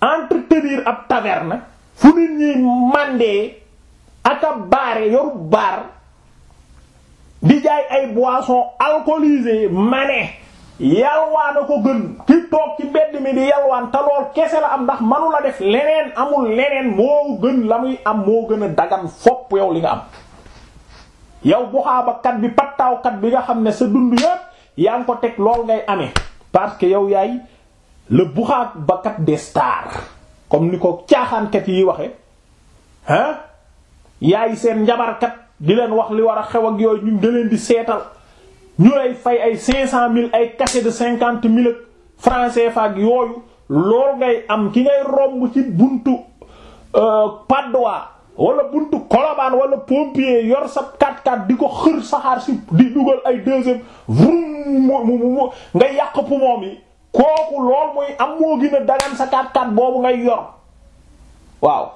entretenir ab taverne fu nit ñi mandee ak ab baare yoru baar di jaay ay boissons alcoolisées mané yalwaan a ko gën ki toog ci mbedd mi di yalwaan te lool kese la am ndax manu la def leneen amul leneen moo gën la muy am moo gën a dagan fopp yow li nga am yow buxaabakat bi pattaawkat bi nga xam ne sa dund yépp yaa ngi ko teg lool ngay amee parce que yow yaay le buxaat bakat de stars comme ni ko caaxaankat yi waxe ah yaay seen njabarkat di leen wax li war a xew ak yooyu ñu da di seetal ñu lay fay ay cinq cent mille ay cachet de cinquante mille francs CFA ak yooyu loolu ngay am ki ngay romb ci buntu euh, Padoa wala buntu Colobane wala pompier yor sa 4 x di ko xër saxaar si di dugal ay deuxième vroom nga yàq poumon yi kooku lool mooy am moo gën a dagan sa kat boobu ngay yor waaw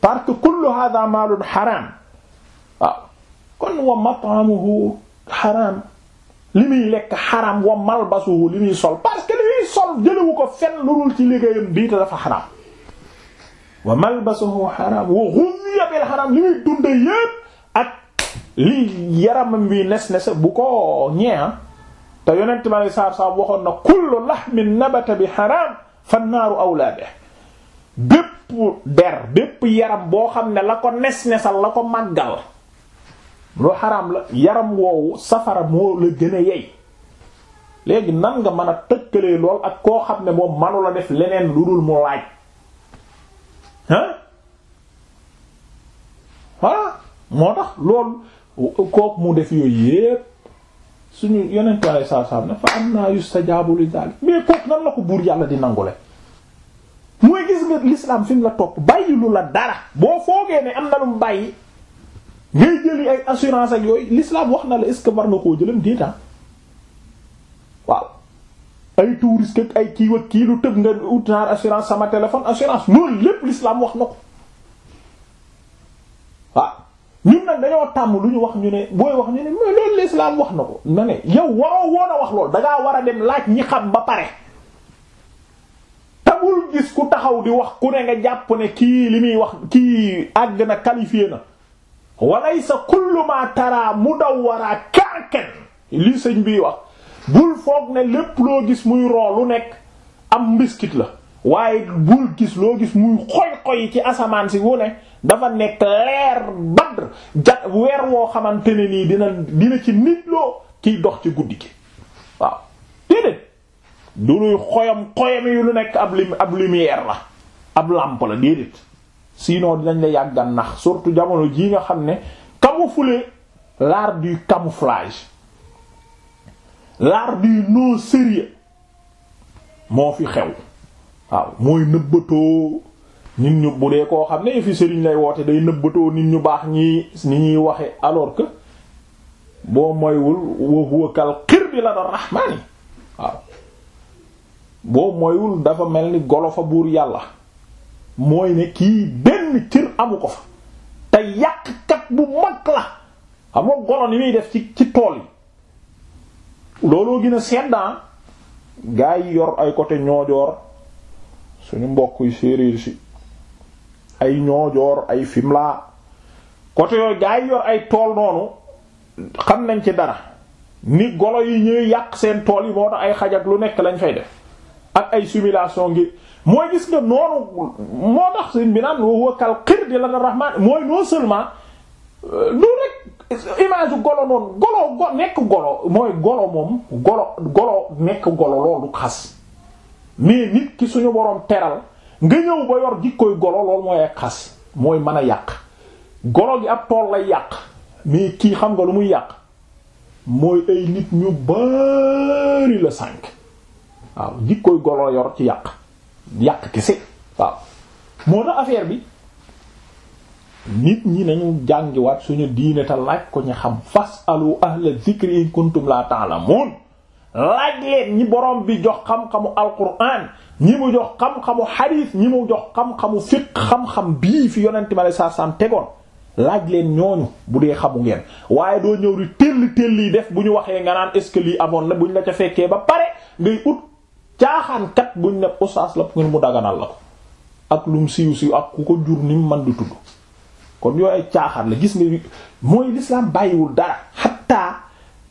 parce que kullu hadha maalun xaram waaw wa mat'amuhu xaram li muy lekk xaram wa malbasuhu li muy sol parce que li muy sol jëlewu ko fenn ci liggéeyam bii te dafa xaram wa malbasuhu xaram wa ghudhiya bil xaram li muy dunde yépp ak li yaramam bi nes bu ko ñeex ah. te yonent ma lay saab saab waxoon na kullu lahmin nabata bi haram fannaaru awlaa bih bépp der bépp yaram boo xam ne la ko nes nesal la ko màggal lu xaraam la yaram woowu safara moo la gën a yey léegi nan nga mën a tëkkalee lool ak koo xam ne moom manu def leneen lu dul mu laaj ah moo tax loolu kooku mu def yooyu yépp suñu yonent alayhi salaam ne fa anna yustajabu li dalik mais kooku nan la ko buur yàlla di nangule mooy gis nga l'islam fi mu la topp bàyyi lu la dara boo foogee ne am na lu mu bàyyi ngay jëli ay assurance ak yooyu l'islam wax na la est-ce que war nga koo jëlam déetaan waaw ay touriste ak ay kii ak kii lu tëb nga ut naar assurance sama téléphone assurance loolu lépp l'islam wax na ko waaw ñun nag dañoo tàmm lu ñu wax ñu ne booy wax ñu ne mais loolu l'islam wax na ko na ne yow waroo woon a wax lool dangaa war a dem laaj ñi xam ba pare tabul gis ku taxaw di wax ku ne nga jàpp ne kii li muy wax kii àgg na qualifié na walaysa kullu ma tara mudawwara karken li sëñ bi wax bul foog ne lépp loo gis muy roo lu nekk am mbiskit la waaye bul gis loo gis muy xoy-xoy ci asamaan si wu ne dafa nekk leer badr ja weer woo xamante ne nii dina dina ci nit loo kiy dox ci guddi gi waaw déedéet du luy xoyam xoyam yu lu nekk ab lim la ab lampe la déedéet sinon dinañ la yàgga nax surtout jamono jii nga xam ne camoufler l'art du camouflage l'art du non sérieux moo fi xew waaw mooy nëbbatoo nit ñu bu dee koo xam ne fi sëriñ lay woote day nëbbatoo nit ñu baax ñi ni ñuy waxe alors que boo moywul wa huwa kal qirdi la da rahmaani waaw boo moywul dafa mel ni golo fa buur yàlla mooy ne kii benn cër amu ko fa te yàqkat bu mag la xam nga golo ni muy def ci tool yi looloo gën a seddan ah. gaa yi yor ay côté ñoojoor suñu mbokk yu séeréer si ay ñoojoor ay fimla côté yooyu gaa yi ay tool noonu xam nañ ci dara ni golo yi ñuy yàq seen tool yi moo tax ay xaj ak lu nekk lañ fay def ak ay simulation ngi mooy gis nga noonu moo tax suñ bi naan wa huwa kal qirdi la rahman mooy non seulement lu euh, rek image golo noonu golo nekk golo mooy golo moom golo golo nekk golo loolu xas mais nit ki suñu boroom teral nga ñëw ba yor jikkooy golo lool mooy ak xas mooy mën a yàq golo gi ab tool lay yàq mais kii xam nga lu muy yàq mooy ay nit ñu bari la sànk waaw jikkooy golo yor ci yàq yàq kese waaw moo tax affaire bi nit ñi nañu jàngiwaat suñu diine te laaj ko ñu xam fas alu ahla dhikri in kuntum la ta'lamun laaj leen ñi borom bi jox xam-xamu alquran ñi mu jox xam-xamu hadith ñi mu jox xam-xamu fiqh xam-xam bii fi yonent ma lay saa saam tegoon laaj leen ñooñu bu dee xamu ngeen waaye doo ñëw di telli telli def bu ñu waxee nga naan est-ce que lii amoon na bu buñ la ca fekkee ba pare ngay ut caaxaankat buñ ne oustaz la ngir mu daganal la ko ak lum siiw siiw ak ku ko jur ni mu mën di tudd kon yooyu caaxaan la gis nga mooy l'islam bàyyiwul dara hatta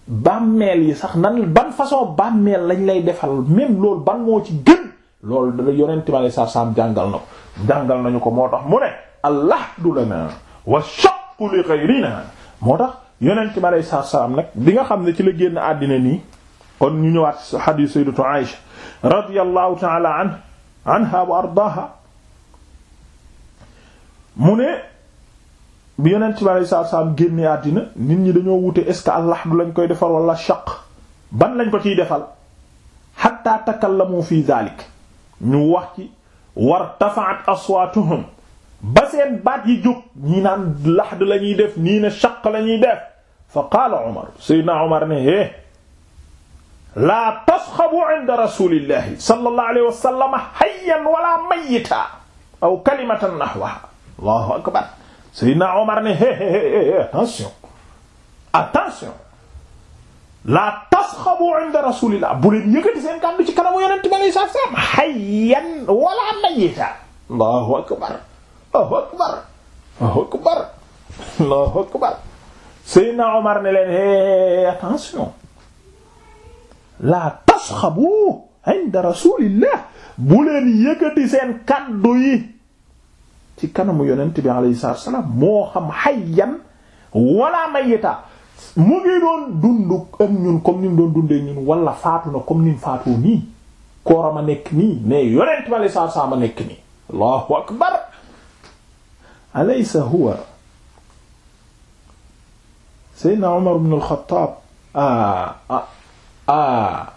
bàmmeel yi sax nan ban façon bàmmeel lañ lay defal même loolu ban moo ci gën loolu dala yonente mi aleye satu salaam jàngal na ko jàngal nañu ko moo tax mu ne allahdu lana wa shaqqu li ghayrina moo tax yonente mi aleye satu salaam nag bi nga xam ne ci la génn àddina nii kon ñu ñëwaat hadith sayyidatu Aisha radiyallahu ta'ala anha wa ardaaha mu ne bi yonent bi alei saatu salaam génne àddina nit ñi dañoo wute eska ce que lañ koy defal wala shaq ban lañ ko ciy defal hatta takallamu fi zalik ñu wax ci war tafaat baat yi jóg ñii naan lahd la def nii na shaq la ñuy def fa qaala Umar Seydina Umar ne é eh, laa tasxabu inda rasulillahi sallallahu alayhi wa sallam wala mayitan aw kalimatan nahwaha allahu akbar Seydina Omar ne é attention attention la tasxabu inda rasulillah bu leen yëkkati seen kàddu ci kanamu yonent bi alayhi salaatu salaam hayyan wala mayita allahu akbar allahu akbar allahu akbar allahu akbar Seydina Omar ne leen attention la tasxabu inda rasulillah bu leen yëkkati seen kàddu yi ci kanamu yonent bi alayhi salaatu wassalaam moo xam hayyan wala mayyita mu ngi doon dund ak ñun comme ni doon dundee ñun wala faatu na comme ni mu faatoo nii kooram a nekk nii mais yonent bi alayhi salaatu nekk nii allahu akbar alaysa huwa seydna Umar ibn al-Khattab ah ah ah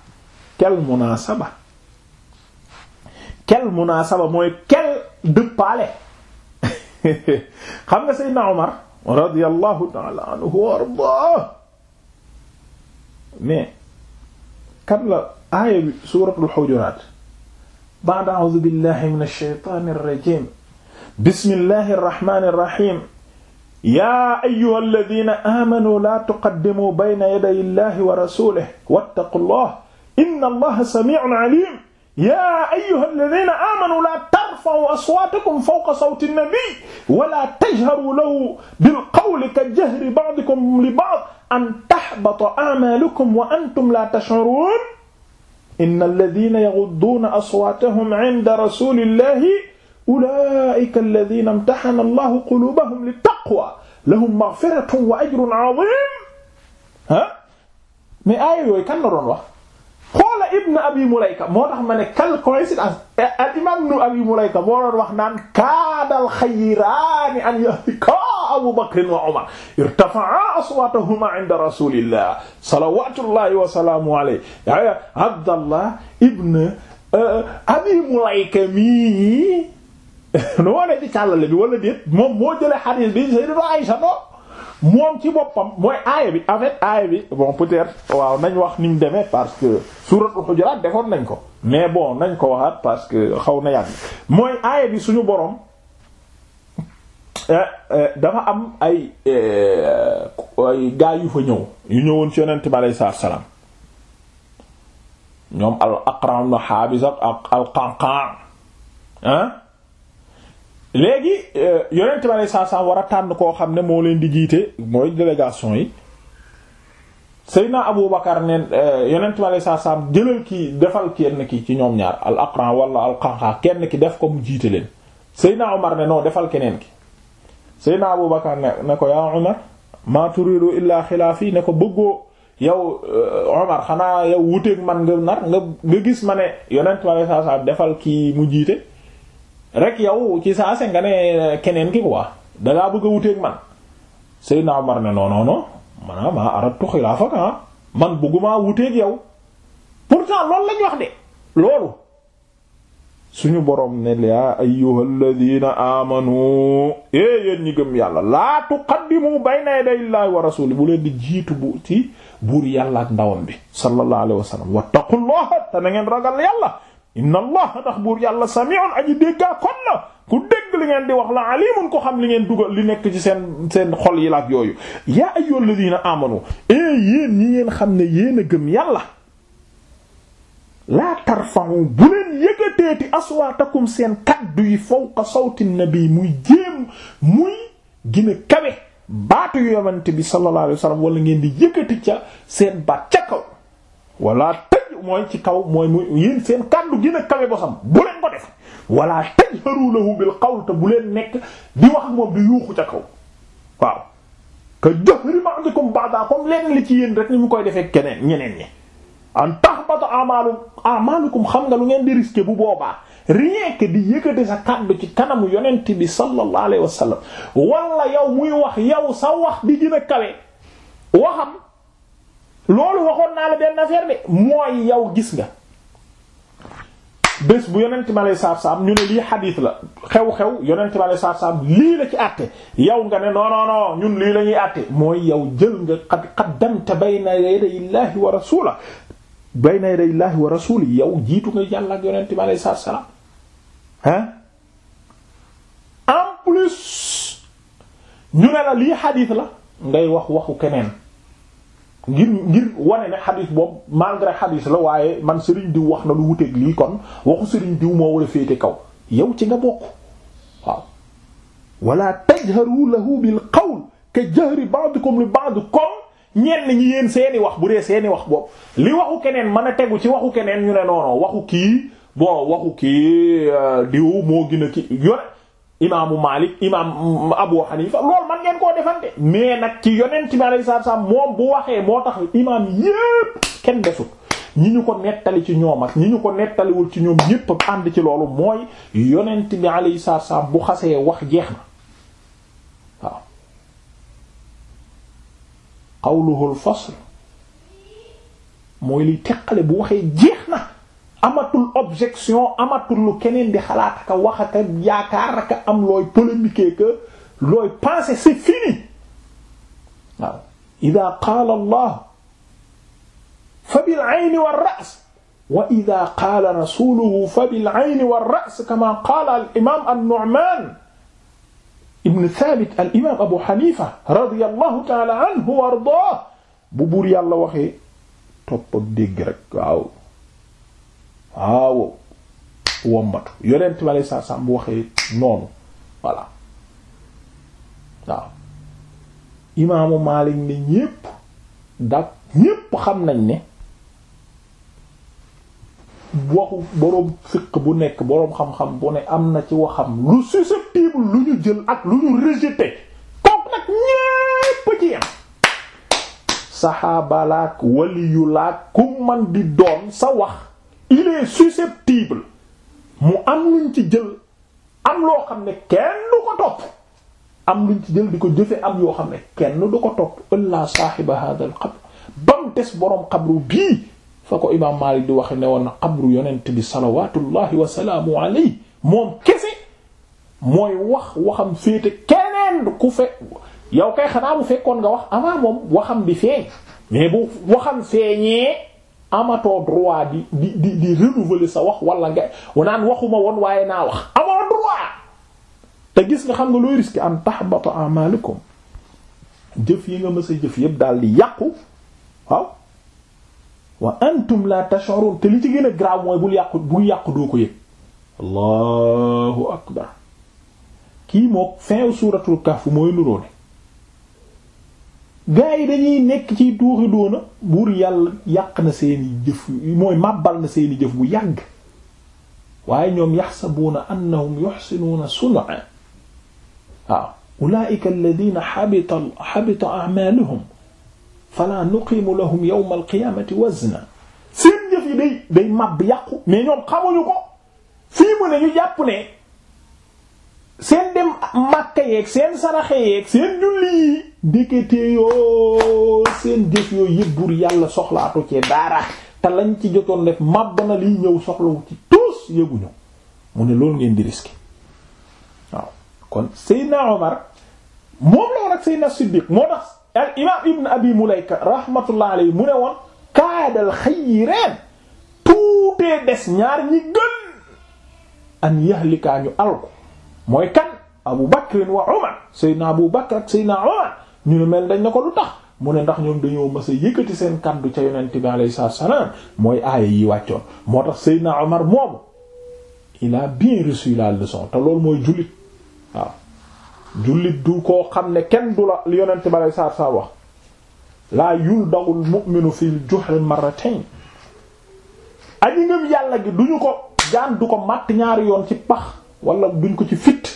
mooy quel dëppaale xam nga Seydina Omar radiyallahu ta'ala anhu wa ardaa mais kan la aaya bi suuratul Hujuraat ba'da a'uuzu billahi minash shaytaanir rajiim bismillahir rahmaanir rahiim yaa ayyuhal laziina aamanuu laa tuqaddimuu bayna yadayillahi wa rasuulihi wattaqullaha inna allaha samii'un aliim yaa ayyuhal laziina aamanuu laa tarfa'u aswaatakum fawqa sawti an-nabi wa la tajharu lahu bil qawli ka jahri ba'dikum li ba'd an tahbata a'malukum wa antum la tash'urun inna alladhina yaghudduuna aswaatahum 'inda rasulillahi ulaa'ika alladhina imtahana allahu qulubahum lit-taqwa lahum maghfiratun wa ajrun 'azim ha mais aaya yooyu kan la doon wax ibn abi mulayka moo tax ma ne quelle coïncidence al imam ibn abi mulayka moo doon wax naan kaadal xayraani an yahlika abu bakr wa umar irtafa'a aswatahuma 'inda rasulillah salawatullahi wa salaamu alayhi abdallah ibn eh, abi mulayka mii nu wone ci càllale bi wala déet moom moo jële xadiis bi sayyidatu Aisha no moom ci boppam mooy aaya bi en fait aaya bi bon peut-être waaw nañ wax ni mu demee parce que suuratul Hujurat defoon nañ ko mais bon nañ ko waxaat parce que xaw na yàgg mooy aaya bi suñu borom eh, eh, dafa am ay eh, ay gaa yu fa ñëw yu ñëwoon ci Yonent bi alayhi salaam ñoom al Aqra' ibn Haabis al Qanqan' ah léegi euh, yonent bi aleyhi salaatu war a tànn koo xam ne moo leen di jiite mooy délégation yi Seydina Abu Bakar ne euh, yonent bi aleyhi salaatu salaam jëlal ki defal kenn ki ci ñoom ñaar al aqran wala al qanqa kenn ki def ko mu jiite leen Seydina Omar ne defal keneen ki Seydina Abu Bakar ne ne ko yaa Omar maa turidu illaa xilaafi ne ko bëggoo yow euh, Omar xanaa yow wuteeg man nga nar nga nga gis ma ne yonent bi aleyhi salaatu defal ki mu jiite. rek yow ci saa se nga ne keneen ki quoi dangaa bëgg a wuteeg man Seydina Omar ne non non non maanaam ah, maa aratu xilaafaka ah, man bëggumaa wuteeg yow pourtant loolu lañ wax de loolu suñu borom ne yaa ayyuhal eh, gëm yàlla laa tuqaddimu bayna yaday llahi wa rasuli bu leen di jiitu bu ci buur yàlla ndawam bi sallallahu alayhi wa sallam wattaqullaha te na ragal yàlla inna allah tax buur yàlla sami'un aji déggaa kon la ku dégg li ngeen di wax la alimun ko xam li ngeen dugal li nekk ci seen seen xol yi laak yooyu yaa ayyul ladina amanu e eh, yéen ñi ngeen xam ne yéen a gëm yàlla laa tarfa'u bu leen yëgateeti aswaatakum seen kaddu yi fawqa sawti nabi muy jéem muy gën a kawe baatu yu yonent bi sallallahu alayhi wasallam wala ngeen di yëkkati ca seen baat ca kaw taj mooy ci kaw mooy mu yéen seen kàddu gën a kawe bosam bu leen ko def wala la lahu bil qawl te bu leen nekk di wax ak moom di yuuxu ca kaw waaw ka jahri ba'dikum ba'da comme leen li ci yéen rek ni mu koy defee keneen ñeneen ñi an tahbata amalu amalukum xam nga lu ngeen di risqué bu boobaa rien que di yëkkati sa kàddu ci kanamu yonent bi sallallahu alayhi wa sallam wala yow muy wax yow sa wax di gën kawe waxam loolu waxoon naa la benn affaire bi mooy yow gis nga bés bu yonent ma lay saab ñu ne lii xadiis la xew-xew yonent ma lay lii la ci àtte yow nga ne non ñun lii la ñuy mooy yow jël nga qad qaddamta bayna yaday llahi wa rasula bayna yaday llahi wa rasuli yow jiitu nga yàlla ak yonent ma lay saab saab ah en plus ñu ne la lii xadiis la ngay wax waxu keneen ngir ngir wane ne xadis boobu malgré xadis la waaye man sëriñ diw wax na lu wuteeg lii kon waxu sëriñ diw moo war a féete kaw yow ci nga bokk waaw wala tajharu lahu bil qawl ka jahri ba'dikum li ba'd comme ñenn ñi yéen seeni wax bu dee seeni wax boobu li waxu keneen mën a tegu ci waxu keneen ñu ne noonoo waxu kii boo waxu kii euh, diw moo gën a ki imaamu Malik imaam Abu Hanifa loolu man ngeen koo defante mais nag ci yonent bi alayhi salaatu salaam moom bu waxee moo tax imaam yépp kenn desut ñi ñu ko nettali ci ñoom ak ñi ñu ko nettaliwul ci ñoom ñépp ànd ci loolu mooy yonent bi alayhi salaatu salaam bu xasee wax jeex na waaw qawluhu al mooy liy teqale bu waxee jeex na amatul objection amatul lu keneen di xalaat ka wax aka yaakaar aka am looy polémiquer que looy penser c'est fini waaw ida qaala allah fa bil ayni war ra's wa ida qaala rasuluhu fa bil ayni war ra's kama qaala al imam an-nu'man ibn thabit al imam abu hanifa radiyallahu ta'ala anhu wa ardaah bu buur yàlla waxee topp ak dégg rek waaw waaw wommatu yonent bi aleyhi salaatu bu waxee noonu voilà waaw imaamu Maalik ne ñépp dak ñépp xam nañ ni waxu boroom fiq bu nekk boroom xam-xam bu ne am na ci waxam lu susceptible lu ñu jël ak lu ñu rejeté kooku nag ñépp ci yam saxaabalaak waliyulaak ku man di doon sa wax il est susceptible mu am luñ ci jël am loo xam ne kenn du ko topp am luñ ci jël di ko jëfe am yoo xam ne kenn du ko topp illa saaxiba hada al bam des boroom xabru bii fa ko imaam Maalik di wax ne woon xabru yonent bi salawatullahi wasalaamu alayhi moom kese mooy wax waxam féete keneen ku fe yow kay xanaa bu fekkoon nga wax avant moom waxam bi feeñ mais bu waxam feeñee amatoo droit di di di di renouveler wax wala nga waaye naa wax amoo droit te gis nga xam nga looy risque an tahbata a'malukum jëf yi a jëf yëpp daal di yàqu waaw wa la tash'urun te li ci gën a grave mooy bul yàqu bul yàqu doo ko yëg allahu akbar kii mook fin suratul kahf mooy nuróole gaa yi dañuy nekk ci tuuxi doona buur yàlla yàq na seeni jëf mooy màbbal na seeni jëf bu yàgg waaye ñoom yaxsabuuna annahum yuxsinuuna sun'a waaw ulaa'ika alladina xabita xabita a'maaluhum fala nuqiimu lahum yawma alqiyaamati wazna seen jëf yi day day màbb yàqu mais ñoom xamuñu ko fii mu ñu jàpp ne seen dem Makka seen saraxe seen julli yi ndekete yoo seen jëf yooyu yëpp buur yàlla soxlaatu ci dara te lañ ci jotoon def màbb na liy ñëw soxlawu ci tous yëguñu mu ne loolu ngeen di risque waaw kon Seydina Omar moom la woon ak Seydina Siddiq moo tax al imaam Ibn Abi Mulayka rahmatullah mu ne woon kaadal xayreen tuutee des ñaar ñi gën an yahlikaa ñu alku mooy kan Abu Bakr wa Omar Seydina Abu Bakr ak Seydina Omar ñu ne mel dañ na ko ne ndax ñoom dañoo mës a yëkkati seen kaddu ca yonent bi alayhi salaam mooy aaya yi wàccoon moo tax Seydina Omar moomu il a bien reçu la leçon te loolu mooy jullit waaw jullit du ko xam ne kenn du la yonent bi alayhi salaam wax laa yul dawul mu'minu fil juhri marratayn aji ngëm yàlla gi duñu ko jaan du ko màtt ñaari yoon ci pax wala duñ ko ci fitt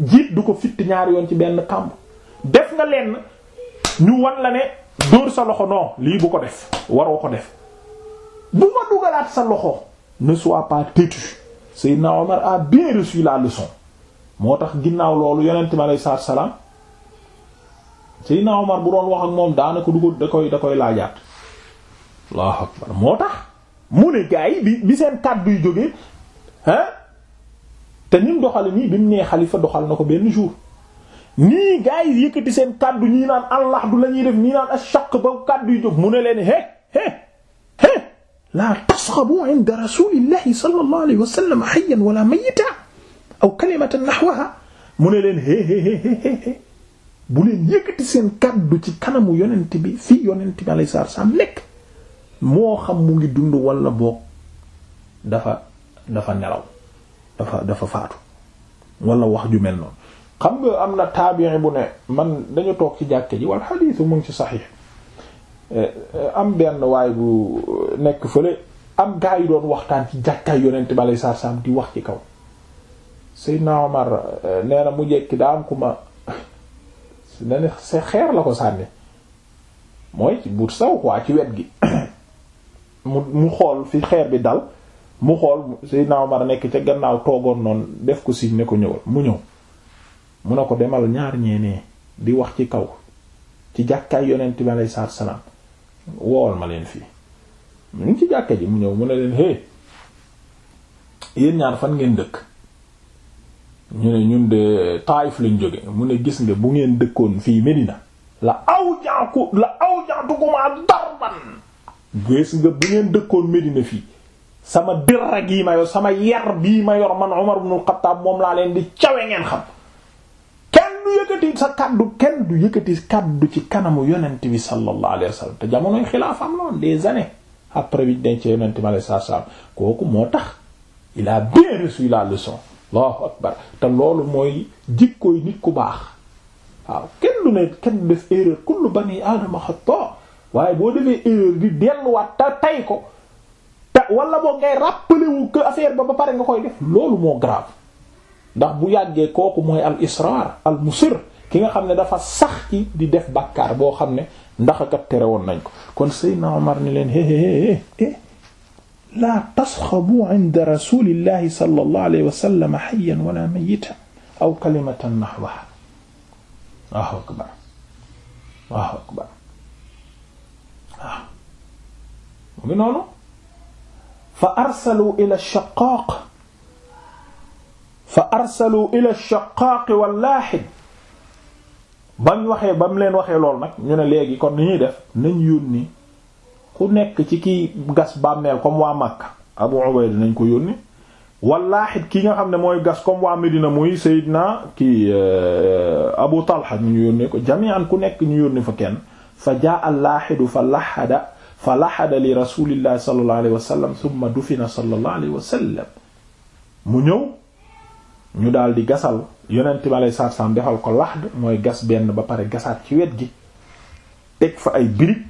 jiit du ko fitt ñaari yoon ci benn kàmb def nga leen ñu wan la ne dóor sa loxo non lii bu ko def waroo ko def bu ma dugalaat sa loxo ne sois pas têtu Seydina Omar a bien reçu la leçon moo tax ginnaaw loolu yonent mi aleyhi salaatu salaam Seydina Omar bu doon wax ak moom daanaka du ko da koy da koy laajaat Allahu akbar moo tax mu ne gaa bi bi seen kàddu yu jógee te ni mu doxale nii bi mu nee xalifa doxal na ko benn jour nii gars yi yëkkati seen kàddu ñii naan allah du la ñuy def ñii naan ashaq ba kàddu yu jóg mu ne leen he he he la tasxabu inda rasulillahi sallallahu alayhi wa sallam hayyan wala mayyita aw kalimatan nahwaha mu ne leen he he he he bu leen yëkkati seen kàddu ci kanamu yonent bi fii yonent bi alayhi salaatu salaam nekk moo xam mu ngi dund wala boog dafa dafa nelaw dafa dafa faatu wala wax ju mel noonu xam nga am na taabi'i bu ne man dañu toog ci jàkke ji wal xadiisu mu ngi ci saxiix eh, eh, am benn waay bu eh, nekk fële am gaa yi doon waxtaan ci jàkkaay yonent balay saar saam di wax ci kaw Seydina Omar nee na mu jekki daa am ku ma ne sa xeer la ko sànni mooy bu saw waa ci wet gi mu mu xool fi xeer bi dal mu xool Seydina Omar nekk ca gannaaw toogoon noonu def ko signe ne ko ñëwal mu ñëw mu ne ko demal ñaar ñeenee di wax ci kaw ci jàkkaay yonent bi aleyhi salaatu salaam wool ma leen fii mu ngi ci jàkka ji mu ñëw mu ne leen hé yéen ñaar fan ngeen dëkk ñu ne ñun de Taayif lañ jóge mu ne gis nga bu ngeen dëkkoon fii Medina la aw jaaku la aw jaatukumaa darban gis nga bu ngeen dëkkoon Medina fii sama dërag yi ma sama yar bii ma yor man Umar ibn al moom laa leen di cawe ngeen xam kenn sa kaddu kenn du yëkkati kaddu ci kanamu yonent bi sallallahu alayhi te jamonoy xilaafam la woon des années après bi denc yonent bi alayhi salaam kooku moo tax il a bien la leçon allahu te loolu mooy jikkooy nit ku baax waaw kenn du ne kenn def erreur kullu bani aadama xata waaye boo defee erreur di delluwaat tay ko te wala boo ngay rappeler wu ba ba pare nga koy def loolu moo grave ndax bu yàggee kooku mooy al israar al musir ki nga xam ne dafa sax ci di def bàkkaar boo xam ne ndax kat tere woon nañ ko kon Seydina Omar ni leen é é laa tasxabu inda rasulillahi sallallahu alayhi wa sallam hayyan wala mayitan aw kalimatan nahwaha Allahu akbar Allahu akbar waaw mu ngi noonu fa arsalu ila shaqaaq fa arsalu ila shaqaaqi wallaaxid ba mu waxee ba mu leen waxee lool nag ñu ne léegi kon ni ñuy def nañ yónni ku nekk ci kiy gas bàmmeel comme waa Makka Abu Ubayda nañ ko yónni wallaaxid ki nga xam ne mooy gas comme waa Medina muy Seydina ki euh, Abu Talha ñu yónnee ko jami'an ku nekk ñu yónni fa kenn fa jaa al-laaxidu fa laxada fa laxada li rasulillahi sallallahu alayhi wa sallam thumma dufina sallallahu alayhi wa sallam mu ñëw ñu daal di gasal yonent bi alei satu salaam defal ko laxd mooy gas benn ba pare gasaat ci wet gi teg fa ay briques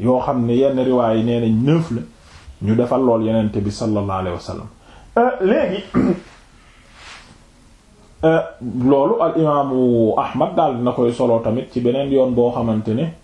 yoo xam ne yenn riwaay yi nee nañ neuf la ñu defal lool yonent bi sallallahu alayhi wa sallam euh, léegi euh, loolu al imaamu ahmad daal dina koy solo tamit ci beneen yoon boo xamante ne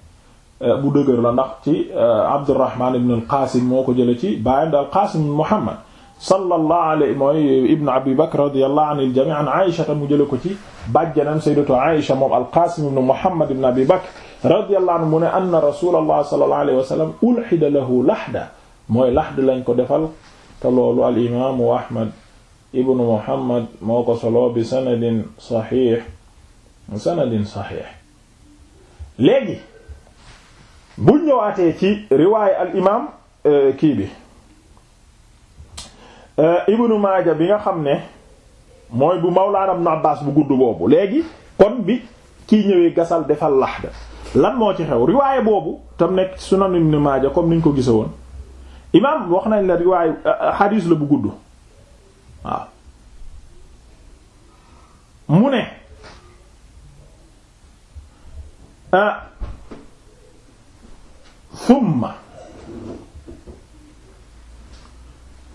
euh, bu dëgër la ndax ci abdurrahman ibn al qasim moo ko jële ci baayam daal qasim muhammad sallallahu alayhi mooy ibn abi bakr radiyallahu anil jami' an aïshata mu jële ko ci bàjjanam sayyidatu aïsha moom alqaasim ibn muhammad ibn abi bakr radiyallahu anhu mu ne anna rasulullah sallallahu alayhi wa sallam ulhida lahu lahda mooy lahd lañ ko defal te loolu al imaamu ahmad ibn muhammad moo ko soloo bi sanadin saxiix sanadin saxiix léegi bu ñëwaatee ci riwaaya al imaam eh, kii bi Euh, ibnu maaja bi nga xam ne mooy bu mawlaana ibnu abbaas bu gudd boobu léegi kon bi kii ñëwee gasal defal laxda lan moo ci xew riwaaye boobu tam nekk sunan ibnu maaja comme niñ ko gisa woon imaam wax nañ la riwaaye xadiis euh, la bu gudd waaw mu ne summa euh,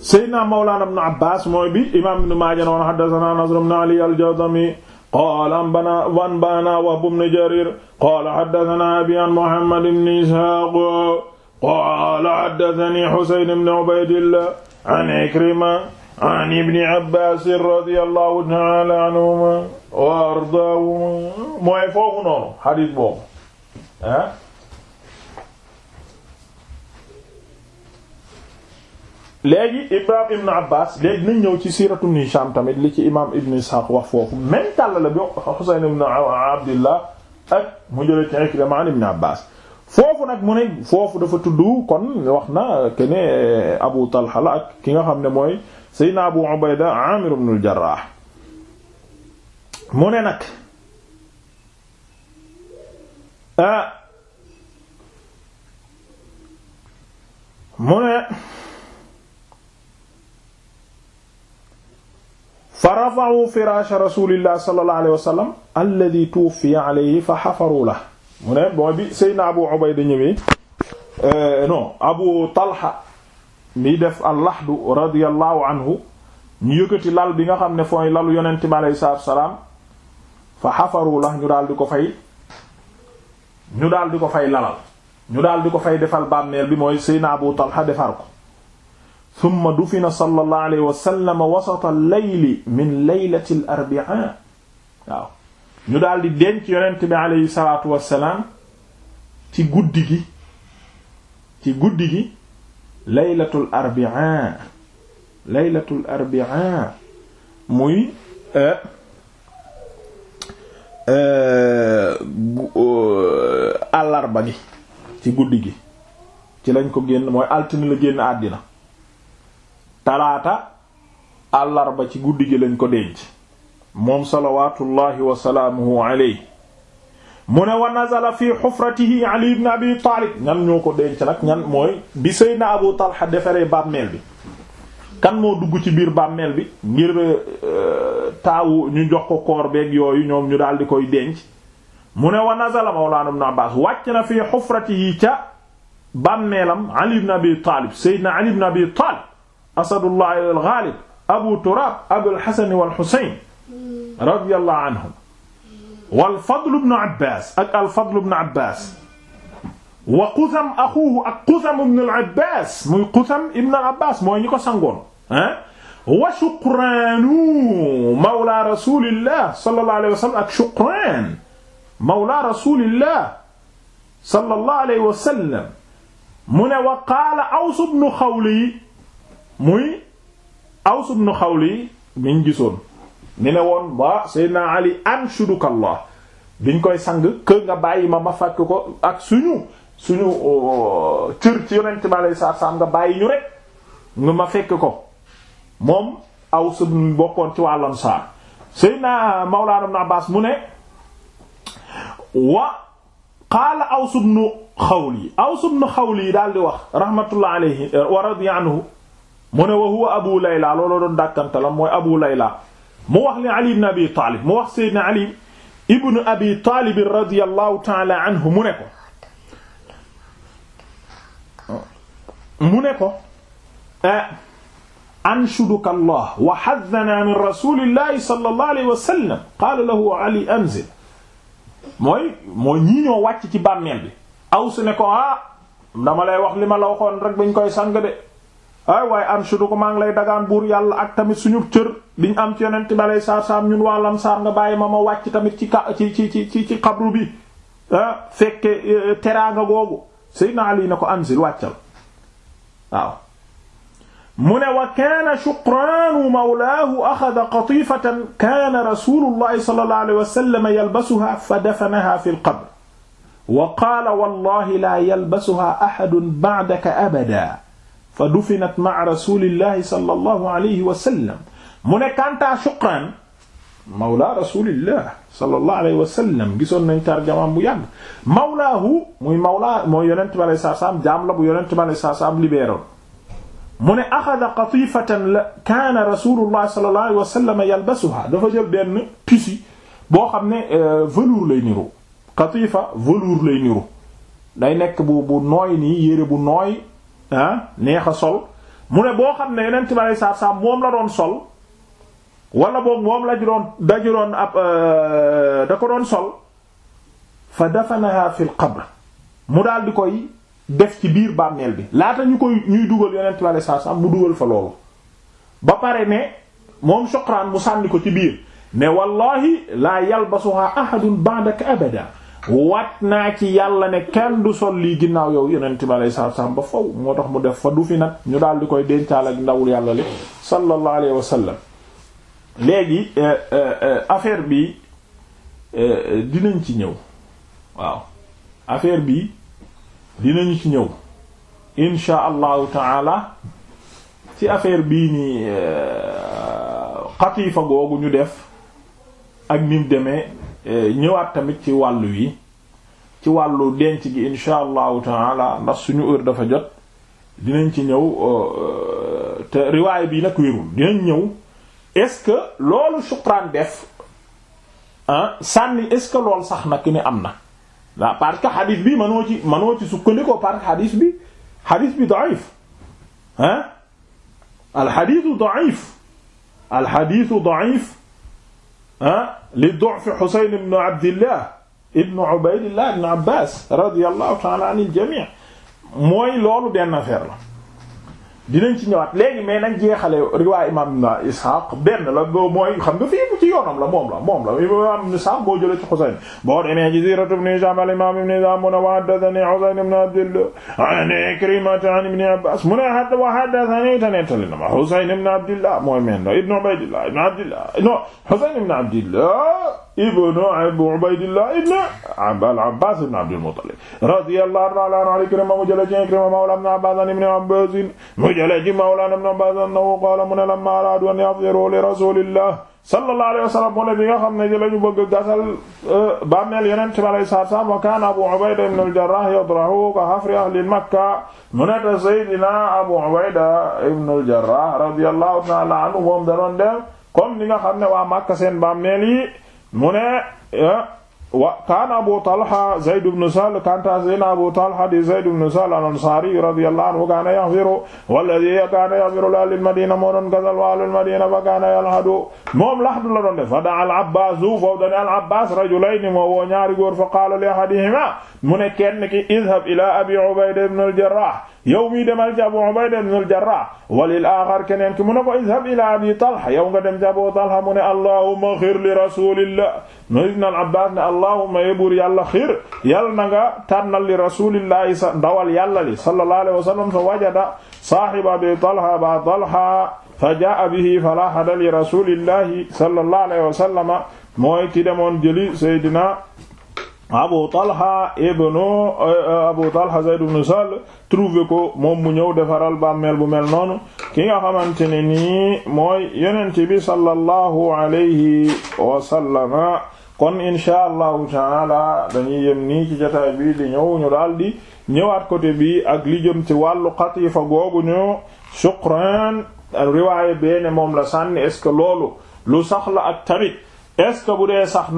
Seydina Mawlana ibn Abbas mooy bi imaam Ibn Maaja noon haddasanaa Nasr ibn Ali al-Jazami qaala anba'anaa wa anba'anaa Wahb ibn Jariir qaala haddasanaa abii an Muhammad ibn Ishaaq qaala haddasanii Husayn ibn Ubaydillah an Ikrima an Ibn Abbas radiyallahu ta'aala anhumaa wa ardaahumaa mooy foofu noonu hadiis boobu ah léegi ibrahim ibn abbas léegi nañ ñëw ci siiratu ibn Hisham tamit li ci imam ibn Ishaq wax foofu même tàll la bi Husayn ibn Abdillah ak mu jëlee ci Ikrima ibn foofu nag mu ne foofu dafa tudd kon wax na ke Abu Talha la ak ki nga xam ne mooy Seydina Abu Ubayda Amir ibn al mu ne nag ah, mu ne fa rafa'u firasha rasulillah sallallahu alayhi wa sallam alladhi tuwfiya alayhi fa xafaru la mu ne bon bi Seydina Abu eh, Abu Talha mi def al-lahdu radiyallahu anhu ñu yëkkati lal bi nga xam ne fooy lalu yonent bi alayhi salaatu salaam fa xafaru la ñu daal di ko fay ñu daal di ko fay lalal ñu daal di ko fay defal bàmmeel bi mooy Seydina Abu Talha defar ko thumma dufina sallallahu alayhi wa sallam wasata layli min laylati l arbia waaw ñu daal di denc yonent bi aleyhi salatu wassalaam ci guddi gi ci guddi gi laylatul arbia laylatul arbia muy euh, euh, àllarba gi ci guddi gi ci lañ ko génn mooy altine la génn àddina talaata àllarba ci guddi gi lañ ko denc moom salawaatullahi wa salaamuhu alayhi mu ne wa nazala fi xufratihi ali ibn abi taalib ñan ñoo ko denc nag ñan mooy bi seydna abu talha defaree bàmmeel bi kan moo dugg ci biir bàmmeel bi ngir euh, taawu ñu jox ko koor beeg yooyu ñoom ñu daal di koy denc mu ne wa nazala mawlaana ibn abbas wàcc na fi xufratihi ca bàmmeelam ali ibn abi taalib seydna ali ibn abi taalib asadullahi al-ghalib abu turab abul hasan wal husayn radiyallahu anhum wal fadl ibn abbas ak al fadl ibn abbas wa Qutham axuhu ak Qutham ibn al abbas muy Qutham ibn al abbas mooy ñi ko sangoon ah wa Shuqranu mawla rasulillah sallallahu alayhi wa sallam ak Shuqran mawla rasulillah sallallahu alayhi wa sallam mu ne wa qaala Aws ibn Khawli muy Aws ibn Xawli miñ gisoon ni ne woon ba Seydina Ali anshudukallah biñ koy sang kër nga bàyyi ma ma fàkk ko ak suñu suñu cër ci yonent bi alayhi salaatu salaam nga bàyyi ñu rek nga ma fekk ko moom Aws ibn bokkoon ci wàllan saar Seydina Mawlaana Ibn Abbaas mu ne wa qaala Aws ibn Xawli Aws daal di wax rahmatullah alayhi wa radiya anhu mu ne wa huwa abu layla looloo doon dàkkantalam mooy abu layla mu wax li ali ibn abi taalib mu wax seydina ali ibn abi taalib radiyallahu taala anhu mu ne ko mu ne ko anshuduka allah wa haddana min rasulillahi sallallahu alayhi wa sallam qaala lahu ali anzil mooy mooy ñii ñoo wàcc ci bàmmeel bi aw su ne ko ah dama lay wax li ma la waxoon rek bañ koy sang de ay waaye anshudu ko maa ngi lay dagaan buur yàlla ak tamit suñu cër biñ am ci yonent bi aley saar saam ñun waa lamsaar nga bàyyi ma ma wàcc tamit ci ka ci ci ci ci xabru bi fekke e, e, teraanga googu Seydina Ali na ko anzil wàccal waaw mu ne wa kaana shuqraanu mawlaahu axada qatifatan kaana rasulullahi sallallahu alayhi wa sallam yalbasuha fa dafanaha fi lqabr wa qaala wallahi la yalbasuha ahadun ba'daka abada fa dufinat maa rasulillahi sallallahu alayhi wa sallam mu ne kanta Shuqraan mawla rasulillah sallallahu alayhi wa sallam gisoon nañ tarjamaam bu yàgg mawlaahu muy mawlaa mooy yonent bi alayhi salaam jaam la bu yonent bi alayhi salaam libéroon mu ne axada qatifatan la kaana rasulullah sallallahu alayhi wa sallam yalbasuha dafa jël benn tissu boo xam ne euh, velours lay niru qatifa velours lay niru day nekk bu bu nooy nii yére bu nooy neex a sol mu ne boo xam ne yeneen tubaab yi moom la doon sol wala boobu moom la ju doon ab euh, da ko doon sol fa dafanaha fil qabr mu daal di koy def ci biir bàmmeel bi laata ñu koy ñuy dugal yeneen tubaab yi mu dugal fa loolu ba pare ne moom Shukran mu sànni ko ci biir ne wallahi laa yalbasuha ahadun ba'daka abada wat naa ci yàlla ne kenn du sol lii ginnaaw yow yonent bi alayhi salaatu salaam ba faw moo tax mu def fa du fi nag ñu daal di koy dencaal ak ndawul yàlla li sallallahu alayhi wa sallam léegi euh, euh, euh, affaire bi dinañ ci ñëw waaw affaire bi dinañu ci ñëw insha allahu taala ci affaire bii ni xatiifa googu ñu def ak ni mu demee eh, ñëwaat tamit ci wàllu wi ci wàllu denc gi insha allahu taala ndax suñu heure dafa jot dinañ ci ñëw oh, eh, te riwaay bi nag wérul dinañ ñëw est-ce que loolu suqraan def ah sànni est-ce que loolu sax nag ni am na waaw parce que xadis bi mënoo ci mënoo ci sukkandikoo parce que xadis bi xadis bi daif ah alxadisu daif alxadisu li du'fi Husayn ibn Abdillah ibn Ubaydillah ibn Abbas radiyallahu ta'ala anil jami' mooy loolu benn affaire la dinañ ci ñëwaat léegi mais nañ jeexale riwaay imam ibn Ishaq benn la boo mooy xam nga fii bu ci yoonam la moom la moom la imam ibn Ishaq boo jëlee ci Husayn boo demee ci Siiratu ibn Hishaam al imam ibn Hishaam mu ne wa haddathanii Husayn ibn Abdillah an Ikrimah an ibn Abbaas mu ne wa haddathanii te nettali na ma Husayn ibn Abdillah mooy men no ibn Ubaydillah ibn Abdillah no Husayn ibn Abdillah ibn Ubaydillah ibn al-Abbaas ibn Abdil Muttalib radiyallahu ta'ala anhu Ikrimah mu jëlee ci Ikrimah mawla ibn Abbaas ibn Abbaas jëlee ci Mawlaana Ibn Abbaas annahu qaala mu ne lammaa araadu an yahfiru li rasuulillah sallallahu alayhi wa sallam mu ne bi nga xam ne ci la ñu bëgg gasal euh, bàmmeel Yonent bi alayhi salaatu wa salaam wa kaana Abu Ubayda ibn al-Jarraah yadrahu ka hafri ahli Makka mu ne te Seydina Abu Ubayda ibn al-Jarraah radiyallahu ta'ala anhu moom da doon dem comme ni nga xam ne waa Makka seen bàmmeel yi mu ne euh, wa kaan abu talha zayd ibn sahl kanta sayna abu talha di zayd ibn sahl al-ansari radiyallahu anhu kaana yaxfiru walladhi kaana yaxfiru li ahlil madina moo doon gasal wa ahlil madina fa kaana yalhadu moom lahdu la doon def fa da'a al-abbas foofu dane al-abbas rajulayni moo woo ñaari góor fa qaala li ahadihima mu ne kenn ki idhab ila abi ubayda ibn al-jarrah yow mi demal ci abu ubayda ibn al-jarrah walil axar keneen ki mu ne ko idhab ila abi talha yow nga dem ci abu talha mu ne allahumma xir li rasulillah ibn al-abbas ne allahumma yebur yàlla xir yàlla na nga tànnal li rasulillahi sa ndawal yàlla li sallallahu alayhi wa sallam fa wajada saahiba abi talha aba talha fa jaa bihi falahada li rasulillahi sallallahu alayhi wa sallama mooy ki demoon jëli seydina Abu Talha ibnu euh, Abu Talha Zayd ibn Sahl trouvé ko moom mu ñëw defaral bàmmeel bu mel noonu ki nga xamante ne nii mooy yonent bi sallallahu alayhi wa sallama kon insha allahu taala dañuy yem nii ci jotaay bi di ñëw ñu daal di ñëwaat côté bi ak li jëm ci wàllu xatiifa googu ñu suqran riwaaye benn moom la sànni est loolu lu sax la ak tamit est bu dee sax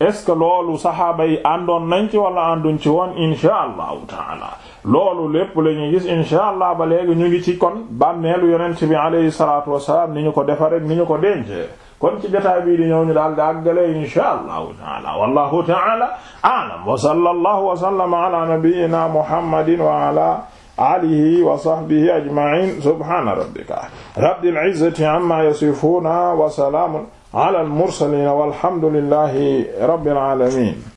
est-ce que loolu saxaaba yi àndoon nañ ci wala ànduñ ci woon insha allahu taala loolu lépp la ñuy gis insha ba léegi ñu ngi ci kon bàmmeelu yonent bi alayhi salaatu wassalaam ni ñu ko defa rek ni ñu ko dencee kon ci jotaay bii di ñëw ñu daal dàggale insha allahu taala wallahu taala a'lam wa sallallahu wa sallama ala nabiyyina muhammadin wa ala alihi wa sahbihi ajma'in subhana rabbika rabbil izzati amma yasifuna wa salamun ala al mursaliin walhamdulillahi rabbil aalamiin